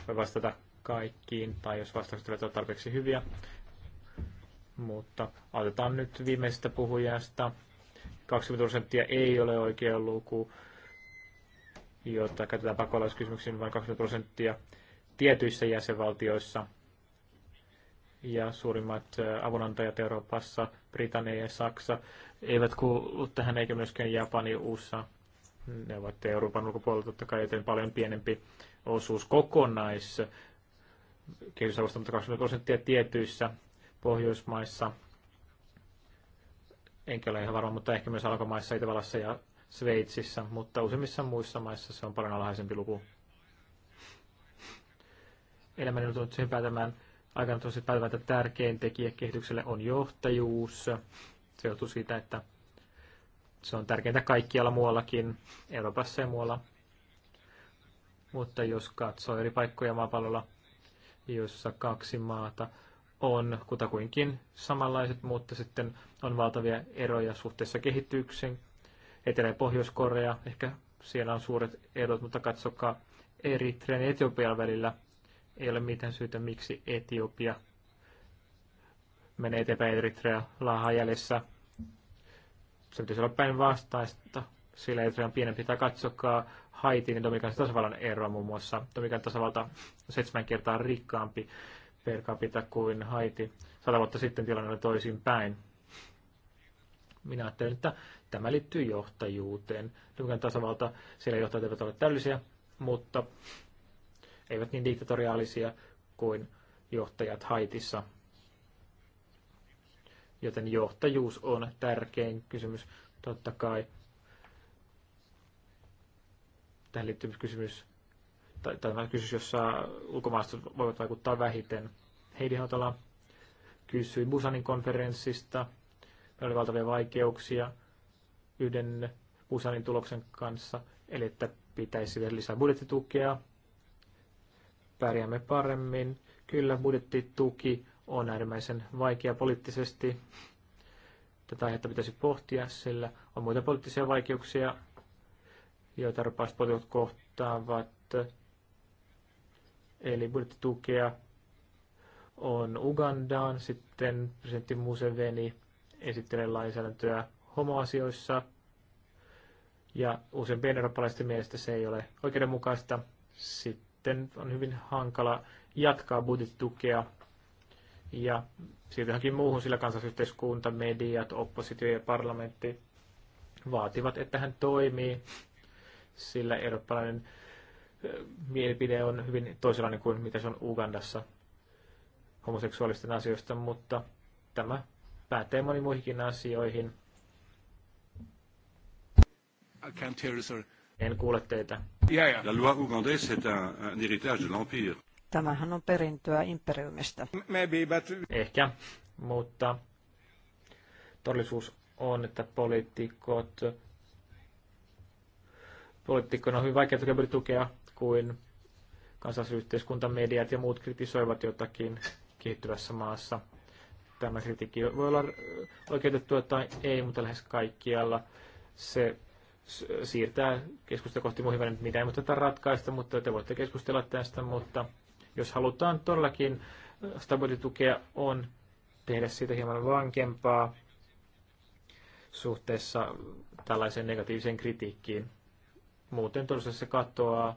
voi vastata kaikkiin, tai jos vastaukset ovat tarpeeksi hyviä. Mutta otetaan nyt viimeisestä puhujasta. 20 prosenttia ei ole oikea luku, jota käytetään pakolaiskysymyksiin, vain 20 prosenttia tietyissä jäsenvaltioissa. Ja suurimmat avunantajat Euroopassa, Britannia ja Saksa, eivät kuulu tähän eikä myöskään Japani, USA. Ne ovat Euroopan ulkopuolella totta kai, joten paljon pienempi osuus kokonais kehitysavusta, mutta 20 prosenttia tietyissä Pohjoismaissa, enkä ole ihan varma, mutta ehkä myös Alkomaissa, Itävallassa ja Sveitsissä, mutta useimmissa muissa maissa se on paljon alhaisempi luku. Elämäni on tullut siihen päätämään, aikana tosi päätämään, että tärkein tekijä kehitykselle on johtajuus. Se johtuu siitä, että se on tärkeintä kaikkialla muuallakin, Euroopassa ja muualla. Mutta jos katsoo eri paikkoja maapallolla, joissa kaksi maata on kutakuinkin samanlaiset, mutta sitten on valtavia eroja suhteessa kehitykseen. Etelä- ja Pohjois-Korea, ehkä siellä on suuret erot, mutta katsokaa eri ja Etiopian välillä. Ei ole mitään syytä, miksi Etiopia menee eteenpäin Eritrea laahaa jäljessä. Se pitäisi olla päinvastaista, sillä on pienempi, tai katsokaa Haitin ja Dominikan tasavallan eroa muun muassa. Dominikan tasavalta on seitsemän kertaa rikkaampi per capita kuin Haiti. Sata vuotta sitten tilanne oli toisinpäin. Minä ajattelin, että tämä liittyy johtajuuteen. Dominikan tasavalta, siellä johtajat eivät ole täydellisiä, mutta eivät niin diktatoriaalisia kuin johtajat Haitissa. Joten johtajuus on tärkein kysymys. Totta kai tähän liittyy kysymys tai tämä on kysymys, jossa ulkomaalaiset voivat vaikuttaa vähiten. Heidi Hautala kysyi Busanin konferenssista. Meillä oli valtavia vaikeuksia yhden Busanin tuloksen kanssa, eli että pitäisi vielä lisää budjettitukea. Pärjäämme paremmin. Kyllä, budjettituki on äärimmäisen vaikea poliittisesti. Tätä aihetta pitäisi pohtia, sillä on muita poliittisia vaikeuksia, joita rapaispotilut kohtaavat Eli budjettitukea on Ugandaan, sitten presidentti Museveni esittelee lainsäädäntöä homoasioissa, ja usein eurooppalaisten mielestä se ei ole oikeudenmukaista. Sitten on hyvin hankala jatkaa budjettitukea ja siitä johonkin muuhun, sillä kansallisyhteiskunta, mediat, oppositio ja parlamentti vaativat, että hän toimii, sillä eurooppalainen mielipide on hyvin toisenlainen kuin mitä se on Ugandassa homoseksuaalisten asioista, mutta tämä pätee moniin muihinkin asioihin. I can't hear, En kuule teitä. Yeah, yeah. La loi c'est un, un héritage de l'empire. Tämähän on perintöä imperiumista. Maybe, but... Ehkä, mutta todellisuus on, että poliitikot, poliitikkojen on hyvin vaikea tukea kuin kansallisyhteiskunta, mediat ja muut kritisoivat jotakin kehittyvässä maassa. Tämä kritiikki voi olla oikeutettua tai ei, mutta lähes kaikkialla se siirtää keskustelua kohti muihin välineitä. Mitä ei mutta tätä ratkaista, mutta te voitte keskustella tästä, mutta jos halutaan todellakin stabilitukea on tehdä siitä hieman vankempaa suhteessa tällaiseen negatiiviseen kritiikkiin. Muuten todellisuudessa se katoaa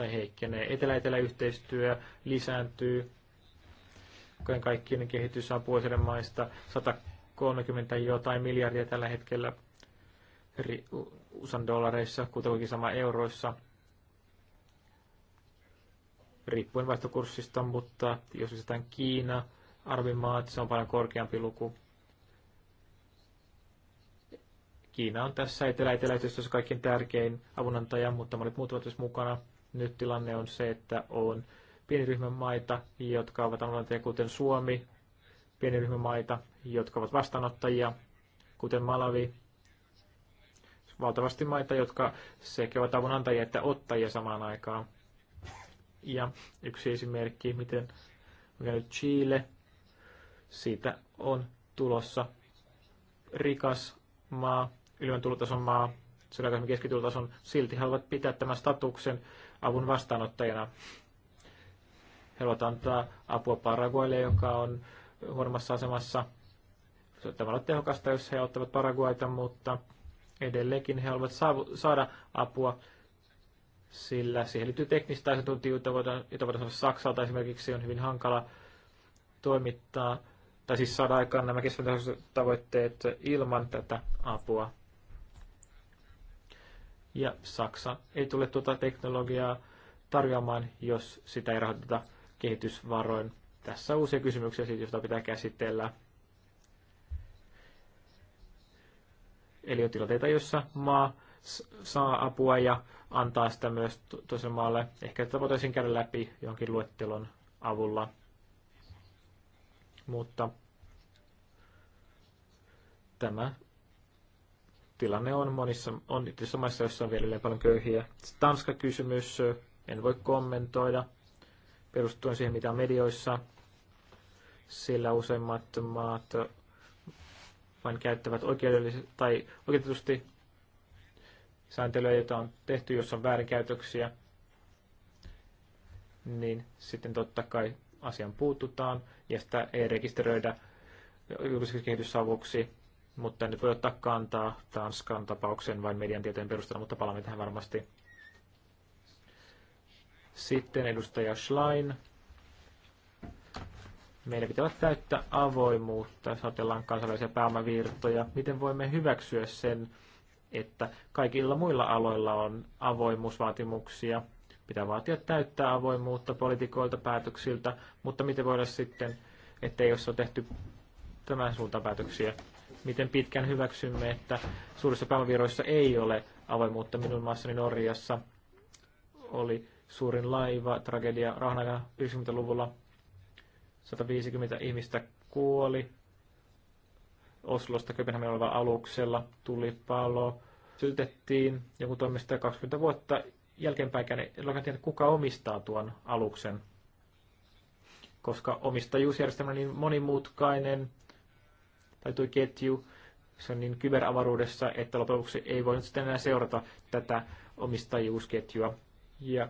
tai heikkenee. Etelä-etelä-yhteistyö lisääntyy, kaiken kaikkien kehitysapu maista 130 jotain miljardia tällä hetkellä USAn dollareissa, kuitenkin sama euroissa, riippuen vaihtokurssista, mutta jos lisätään Kiina, arvimaat, se on paljon korkeampi luku. Kiina on tässä etelä etelä kaikkein tärkein avunantaja, mutta monet muut ovat myös mukana. Nyt tilanne on se, että on pieniryhmän maita, jotka ovat avunantajia, kuten Suomi, pieniryhmän maita, jotka ovat vastaanottajia, kuten Malawi, valtavasti maita, jotka sekä ovat avunantajia että ottajia samaan aikaan. Ja yksi esimerkki, miten mikä nyt Chile, siitä on tulossa rikas maa, ylimmän tulotason maa, syrjäytymisen keskitultason, silti haluavat pitää tämän statuksen avun vastaanottajana. He haluavat antaa apua Paraguaille, joka on huonommassa asemassa. Tämä on tehokasta, jos he auttavat Paraguaita, mutta edelleenkin he haluavat saada apua sillä siihen liittyy teknistä asiantuntijuutta, jota voidaan saada Saksalta esimerkiksi, on hyvin hankala toimittaa, tai siis saada aikaan nämä keskustelutavoitteet ilman tätä apua ja Saksa ei tule tuota teknologiaa tarjoamaan, jos sitä ei rahoiteta kehitysvaroin. Tässä on uusia kysymyksiä, joista pitää käsitellä. Eli on tilanteita, joissa maa saa apua ja antaa sitä myös toiselle maalle. Ehkä tätä voitaisiin käydä läpi jonkin luettelon avulla. Mutta tämä tilanne on monissa, on itse maissa, joissa on vielä paljon köyhiä. Tanska-kysymys, en voi kommentoida, perustuen siihen, mitä on medioissa, sillä useimmat maat vain käyttävät oikeudellisesti tai oikeutetusti sääntelyä, jota on tehty, jos on väärinkäytöksiä, niin sitten totta kai asian puututaan ja sitä ei rekisteröidä julkiseksi kehitysavuksi mutta nyt voi ottaa kantaa Tanskan tapauksen vain median tietojen perusteella, mutta palaamme tähän varmasti. Sitten edustaja Schlein. Meidän pitää täyttä avoimuutta, jos ajatellaan kansainvälisiä pääomavirtoja. Miten voimme hyväksyä sen, että kaikilla muilla aloilla on avoimuusvaatimuksia? Pitää vaatia täyttää avoimuutta poliitikoilta, päätöksiltä, mutta miten voidaan sitten, ettei jos on tehty tämän suuntaan päätöksiä, miten pitkään hyväksymme, että suurissa pääomavirroissa ei ole avoimuutta. Minun maassani Norjassa oli suurin laiva, tragedia rahan 90-luvulla. 150 ihmistä kuoli. Oslosta Köpenhaminan oleva aluksella tuli palo. Syytettiin joku toimista 20 vuotta jälkeenpäin, niin En ole tiedä, kuka omistaa tuon aluksen koska omistajuusjärjestelmä on niin monimutkainen, tai tuo ketju, se on niin kyberavaruudessa, että lopuksi ei voinut sitten enää seurata tätä omistajuusketjua. Ja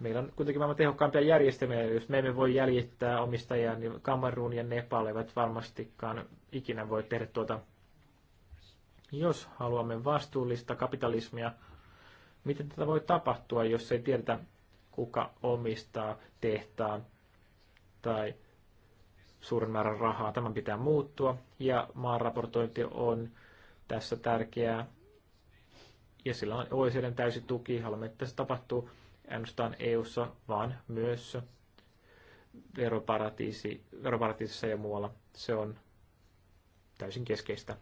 meillä on kuitenkin maailman tehokkaampia järjestelmiä, jos me emme voi jäljittää omistajia, niin Kamerun ja Nepal eivät varmastikaan ikinä voi tehdä tuota. Jos haluamme vastuullista kapitalismia, miten tätä voi tapahtua, jos ei tiedetä, kuka omistaa tehtaan tai suuren määrän rahaa. Tämän pitää muuttua ja maanraportointi on tässä tärkeää. Ja sillä on OECDn täysi tuki. Haluamme, että se tapahtuu ainoastaan EU-ssa, vaan myös veroparatiisi, veroparatiisissa ja muualla. Se on täysin keskeistä.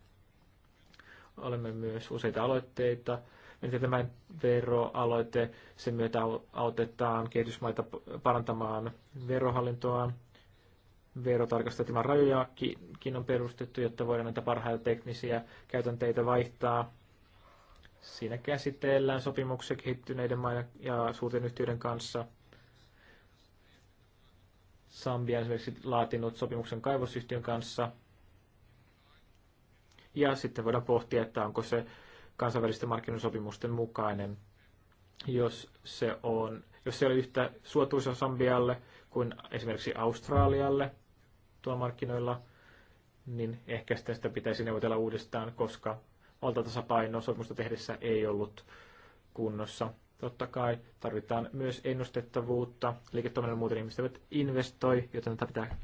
Olemme myös useita aloitteita. Miten tämä veroaloite, sen myötä autetaan kehitysmaita parantamaan verohallintoa verotarkastelman rajojakin on perustettu, jotta voidaan näitä parhaita teknisiä käytänteitä vaihtaa. Siinä käsitellään sopimuksia kehittyneiden maiden ja suurten yhtiöiden kanssa. Sambia esimerkiksi laatinut sopimuksen kaivosyhtiön kanssa. Ja sitten voidaan pohtia, että onko se kansainvälisten markkinasopimusten mukainen, jos se on jos se ole yhtä suotuisa Sambialle kuin esimerkiksi Australialle, tuolla markkinoilla, niin ehkä sitä, sitä pitäisi neuvotella uudestaan, koska valtatasapaino sopimusta tehdessä ei ollut kunnossa. Totta kai tarvitaan myös ennustettavuutta. Liiketoiminnan muuten ihmiset eivät investoi, joten tätä pitää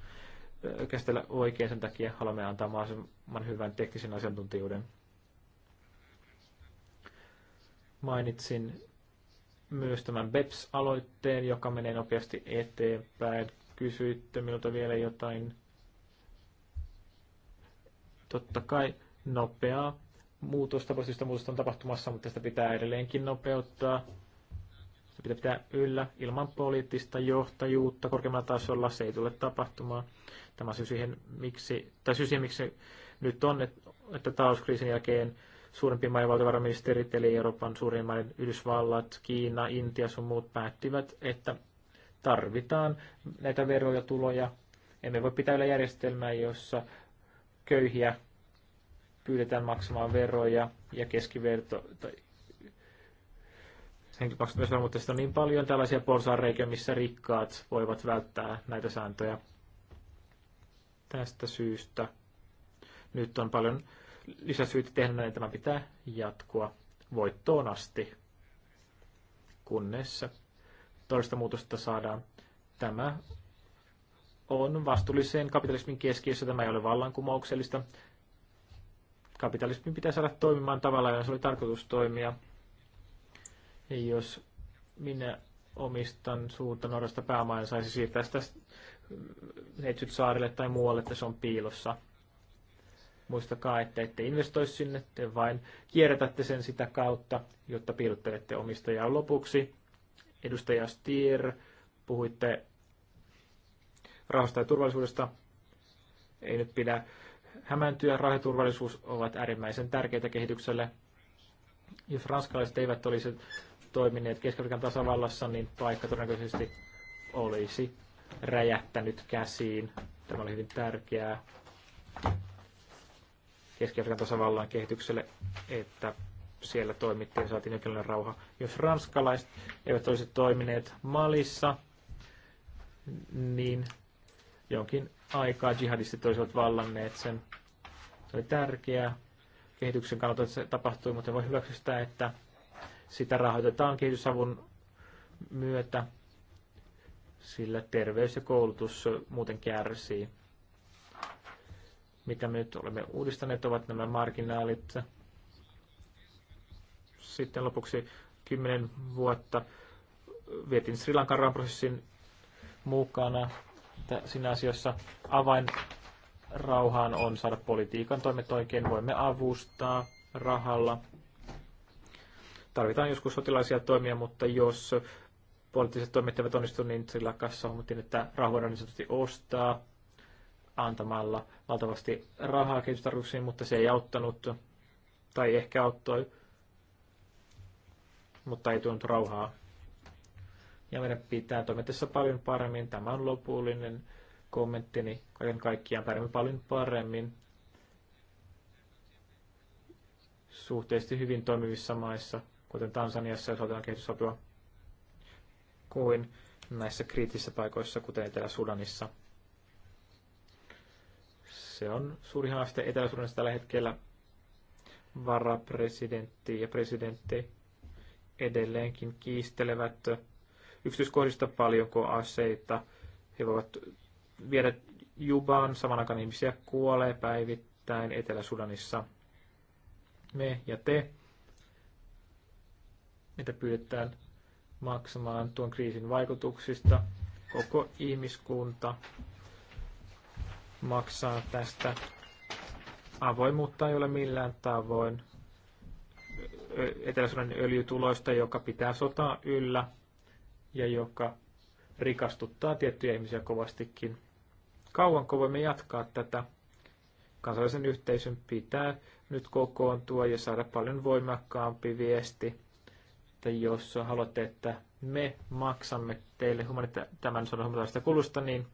käsitellä oikein. Sen takia haluamme antaa mahdollisimman hyvän teknisen asiantuntijuuden. Mainitsin myös tämän BEPS-aloitteen, joka menee nopeasti eteenpäin. Kysyitte minulta vielä jotain Totta kai nopeaa muutosta, positiivista muutosta on tapahtumassa, mutta sitä pitää edelleenkin nopeuttaa. Se pitää pitää yllä ilman poliittista johtajuutta korkeammalla tasolla. Se ei tule tapahtumaan. Tämä syy siihen, miksi, tai syy siihen, miksi nyt on, että talouskriisin jälkeen suurimpien maiden valtiovarainministerit, eli Euroopan suurin maiden Yhdysvallat, Kiina, Intia sun muut päättivät, että tarvitaan näitä veroja, tuloja. Emme voi pitää yllä järjestelmää, jossa köyhiä pyydetään maksamaan veroja ja keskiverto, tai henkilöpaksumisveroja, mutta sitten on niin paljon tällaisia porsaanreikiä, missä rikkaat voivat välttää näitä sääntöjä tästä syystä. Nyt on paljon lisäsyitä tehdä että tämä pitää jatkua voittoon asti, kunnes todellista muutosta saadaan. Tämä on vastuullisen kapitalismin keskiössä. Tämä ei ole vallankumouksellista. Kapitalismin pitää saada toimimaan tavalla, jolla se oli tarkoitus toimia. Ja jos minä omistan suurta Norjasta pääomaa ja saisi siirtää sitä Neitsyt saarille tai muualle, että se on piilossa. Muistakaa, että ette investoi sinne, te vain kierrätätte sen sitä kautta, jotta piilottelette omistajaa lopuksi. Edustaja Stier, puhuitte rahoista ja turvallisuudesta. Ei nyt pidä hämääntyä. Rauha ja turvallisuus ovat äärimmäisen tärkeitä kehitykselle. Jos ranskalaiset eivät olisi toimineet Keski-Afrikan tasavallassa, niin paikka todennäköisesti olisi räjähtänyt käsiin. Tämä oli hyvin tärkeää Keski-Afrikan tasavallan kehitykselle, että siellä toimittiin ja saatiin jonkinlainen rauha. Jos ranskalaiset eivät olisi toimineet Malissa, niin jonkin aikaa jihadistit olisivat vallanneet sen. Se oli tärkeää kehityksen kannalta, että se tapahtui, mutta voi hyväksyä sitä, että sitä rahoitetaan kehitysavun myötä, sillä terveys ja koulutus muuten kärsii. Mitä me nyt olemme uudistaneet, ovat nämä marginaalit. Sitten lopuksi kymmenen vuotta vietin Sri Lankan prosessin mukana siinä asiassa avain rauhaan on saada politiikan toimet oikein. Voimme avustaa rahalla. Tarvitaan joskus sotilaisia toimia, mutta jos poliittiset toimet eivät onnistu, niin sillä kanssa huomattiin, että rahoja on niin sanotusti ostaa antamalla valtavasti rahaa kehitystarkoituksiin, mutta se ei auttanut, tai ehkä auttoi, mutta ei tuonut rauhaa ja meidän pitää toimia tässä paljon paremmin. Tämä on lopullinen kommenttini. Kaiken kaikkiaan pärjäämme paljon paremmin suhteellisesti hyvin toimivissa maissa, kuten Tansaniassa, jos otetaan kehitysapua, kuin näissä kriittisissä paikoissa, kuten Etelä-Sudanissa. Se on suuri haaste Etelä-Sudanissa tällä hetkellä. Varapresidentti ja presidentti edelleenkin kiistelevät yksityiskohdista, paljonko aseita he voivat viedä Jubaan, saman aikaan ihmisiä kuolee päivittäin Etelä-Sudanissa. Me ja te, mitä pyydetään maksamaan tuon kriisin vaikutuksista. Koko ihmiskunta maksaa tästä. Avoimuutta ei ole millään tavoin etelä öljytuloista, joka pitää sotaa yllä ja joka rikastuttaa tiettyjä ihmisiä kovastikin. Kauanko voimme jatkaa tätä? Kansallisen yhteisön pitää nyt kokoontua ja saada paljon voimakkaampi viesti, että jos haluatte, että me maksamme teille humanita- tämän sodan humanitaarista kulusta, niin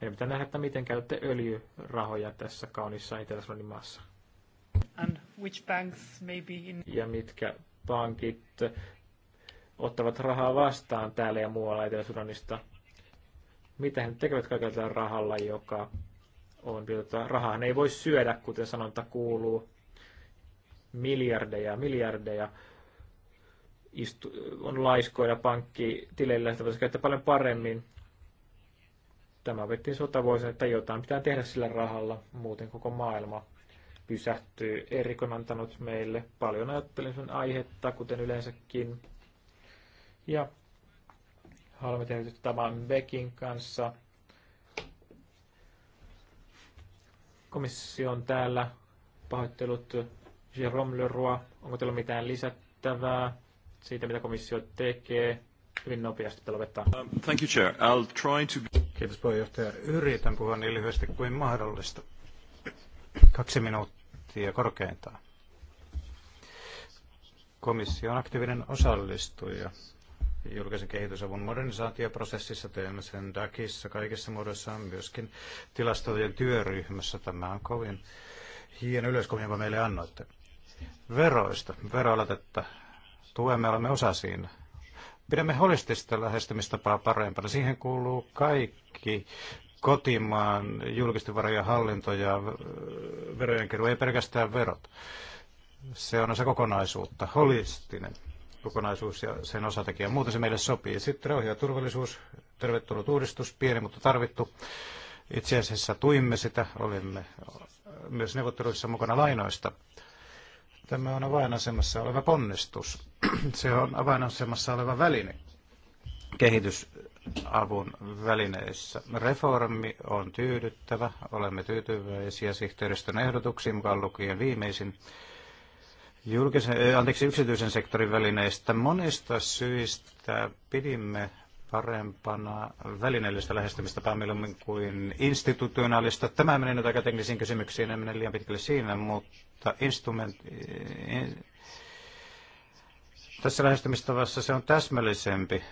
meidän pitää nähdä, että miten käytätte öljyrahoja tässä kaunissa Itä-Suomen maassa. And which banks in... Ja mitkä pankit ottavat rahaa vastaan täällä ja muualla Etelä-Sudanista. Mitä he tekevät kaikella tällä rahalla, joka on tuota, rahaa ei voi syödä, kuten sanonta kuuluu. Miljardeja, miljardeja istu, on laiskoja pankkitileillä, sitä voisi käyttää paljon paremmin. Tämä vettiin sotavuosina, että jotain pitää tehdä sillä rahalla, muuten koko maailma pysähtyy. Erik on antanut meille paljon ajattelemisen aihetta, kuten yleensäkin. Ja haluamme tehdä tämän Bekin kanssa. Komissio on täällä. Pahoittelut Jérôme Leroy. Onko teillä mitään lisättävää siitä, mitä komissio tekee? Hyvin nopeasti lopettaa. Um, thank you, Chair. I'll try to... Kiitos puheenjohtaja. Yritän puhua niin lyhyesti kuin mahdollista. Kaksi minuuttia korkeintaan. Komissio on aktiivinen osallistuja julkisen kehitysavun modernisaatioprosessissa, teemme sen DAKissa kaikissa muodoissaan, myöskin tilastojen työryhmässä. Tämä on kovin hieno yleiskuvia, jonka meille annoitte. Veroista, veroalatetta, tuemme olemme osa siinä. Pidämme holistista lähestymistapaa parempana. Siihen kuuluu kaikki kotimaan julkisten varojen hallinto ja verojen keru, ei pelkästään verot. Se on osa kokonaisuutta, holistinen kokonaisuus ja sen osatekijä. Muuten se meille sopii. Sitten rauhi ja turvallisuus, tervetullut uudistus, pieni mutta tarvittu. Itse asiassa tuimme sitä, olimme myös neuvotteluissa mukana lainoista. Tämä on avainasemassa oleva ponnistus. Se on avainasemassa oleva väline kehitysavun välineissä. Reformi on tyydyttävä, olemme tyytyväisiä sihteeristön ehdotuksiin, mukaan lukien viimeisin julkisen, eh, anteeksi, yksityisen sektorin välineistä. Monista syistä pidimme parempana välineellistä lähestymistä mieluummin kuin institutionaalista. Tämä menee nyt aika teknisiin kysymyksiin, en mene liian pitkälle siinä, mutta instrument, eh, tässä lähestymistavassa se on täsmällisempi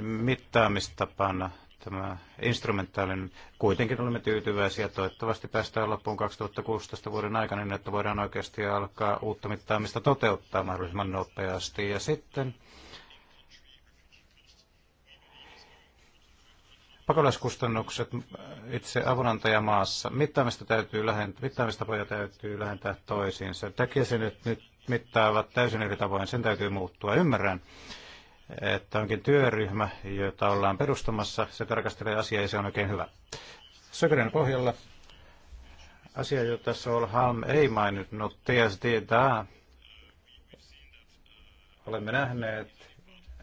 mittaamistapana tämä instrumentaalinen. Kuitenkin olemme tyytyväisiä. Toivottavasti päästään loppuun 2016 vuoden aikana niin, että voidaan oikeasti alkaa uutta mittaamista toteuttaa mahdollisimman nopeasti. Ja sitten pakolaiskustannukset itse avunantajamaassa. Mittaamista, täytyy lähentää, mittaamistapoja täytyy lähentää toisiinsa. Tekisin, nyt, nyt mittaavat täysin eri tavoin. Sen täytyy muuttua. Ymmärrän että onkin työryhmä, jota ollaan perustamassa. Se tarkastelee asiaa ja se on oikein hyvä. Sokerin pohjalla asia, jota Sol ei maininnut, TSD, olemme nähneet,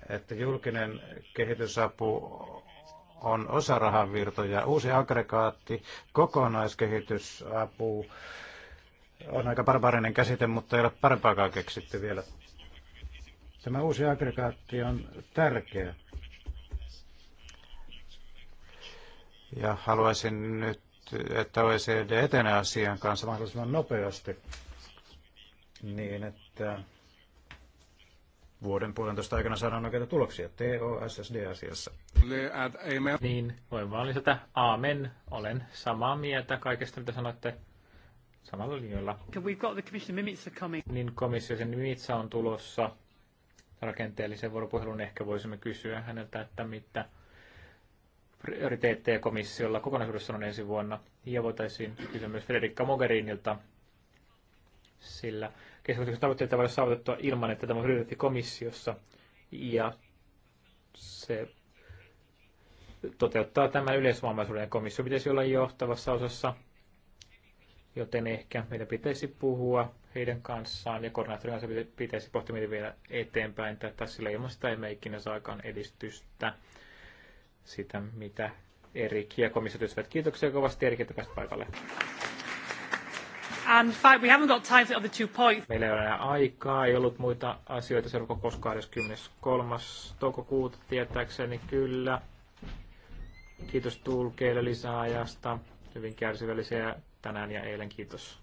että julkinen kehitysapu on osa rahavirtoja. Uusi aggregaatti, kokonaiskehitysapu on aika barbaarinen käsite, mutta ei ole parempaakaan keksitty vielä. Tämä uusi aggregaatti on tärkeä. Ja haluaisin nyt, että OECD etenee asian kanssa mahdollisimman nopeasti niin, että vuoden puolentoista aikana saadaan oikeita tuloksia TOSSD-asiassa. Niin, voin vaan lisätä aamen. Olen samaa mieltä kaikesta, mitä sanoitte samalla linjoilla. We've got the coming. Niin komissio sen mimitsa on tulossa rakenteellisen vuoropuhelun. Ehkä voisimme kysyä häneltä, että mitä prioriteetteja komissiolla kokonaisuudessaan on ensi vuonna. Ja voitaisiin kysyä myös Federica Mogherinilta, sillä keskustelu tavoitteita voidaan saavutettua ilman, että tämä prioriteetti komissiossa. Ja se toteuttaa tämän yleisvammaisuuden komissio pitäisi olla johtavassa osassa, joten ehkä meidän pitäisi puhua heidän kanssaan ja koordinaattorin kanssa pitäisi pohtia vielä eteenpäin tätä, sillä ilman sitä emme ikinä saakaan edistystä sitä, mitä Erik ja komissiot Kiitoksia kovasti Erik, että pääsit paikalle. And fact, we haven't got time for the other two points. Meillä ei ole enää aikaa, ei ollut muita asioita seuraava koskaan 23. toukokuuta tietääkseni kyllä. Kiitos tulkeille lisäajasta. Hyvin kärsivällisiä tänään ja eilen. Kiitos.